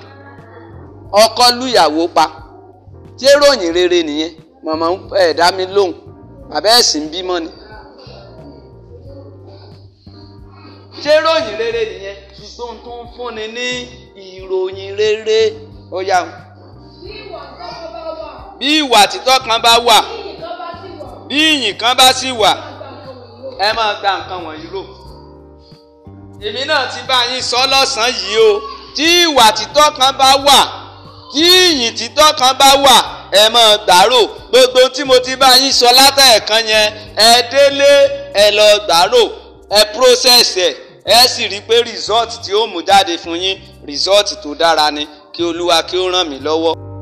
A: ọkọ lùyàwó pa ṣé ròyìn rere nìyẹn màmá ẹ dá mi lóhùn bàbá ẹ̀sìn bímọ ni. ṣé ròyìn rere nìyẹn ṣùgbọ́n tó ń fúnni ní ìròyìn rere ó yá o. bí ìwà títọ́ kan bá wà bí ìyìn kan bá sì wà ẹ máa gba nǹkan wọ̀nyí lò. èmi náà ti bá yín sọ lọ́sàn-án yìí o tí ìwà títọ́ kan bá wà tí ìyìn títọ́ kan bá wà ẹ máa gbàrò gbogbo tí mo ti bá yín sọ látẹ̀ẹ̀kan yẹn ẹ délé ẹ lọ gbàrò ẹ process ẹ̀ ẹ sì rí i pé result tí ó mú jáde fún yín result tó dára ni kí olúwa kí ó ràn mí lọ́wọ́.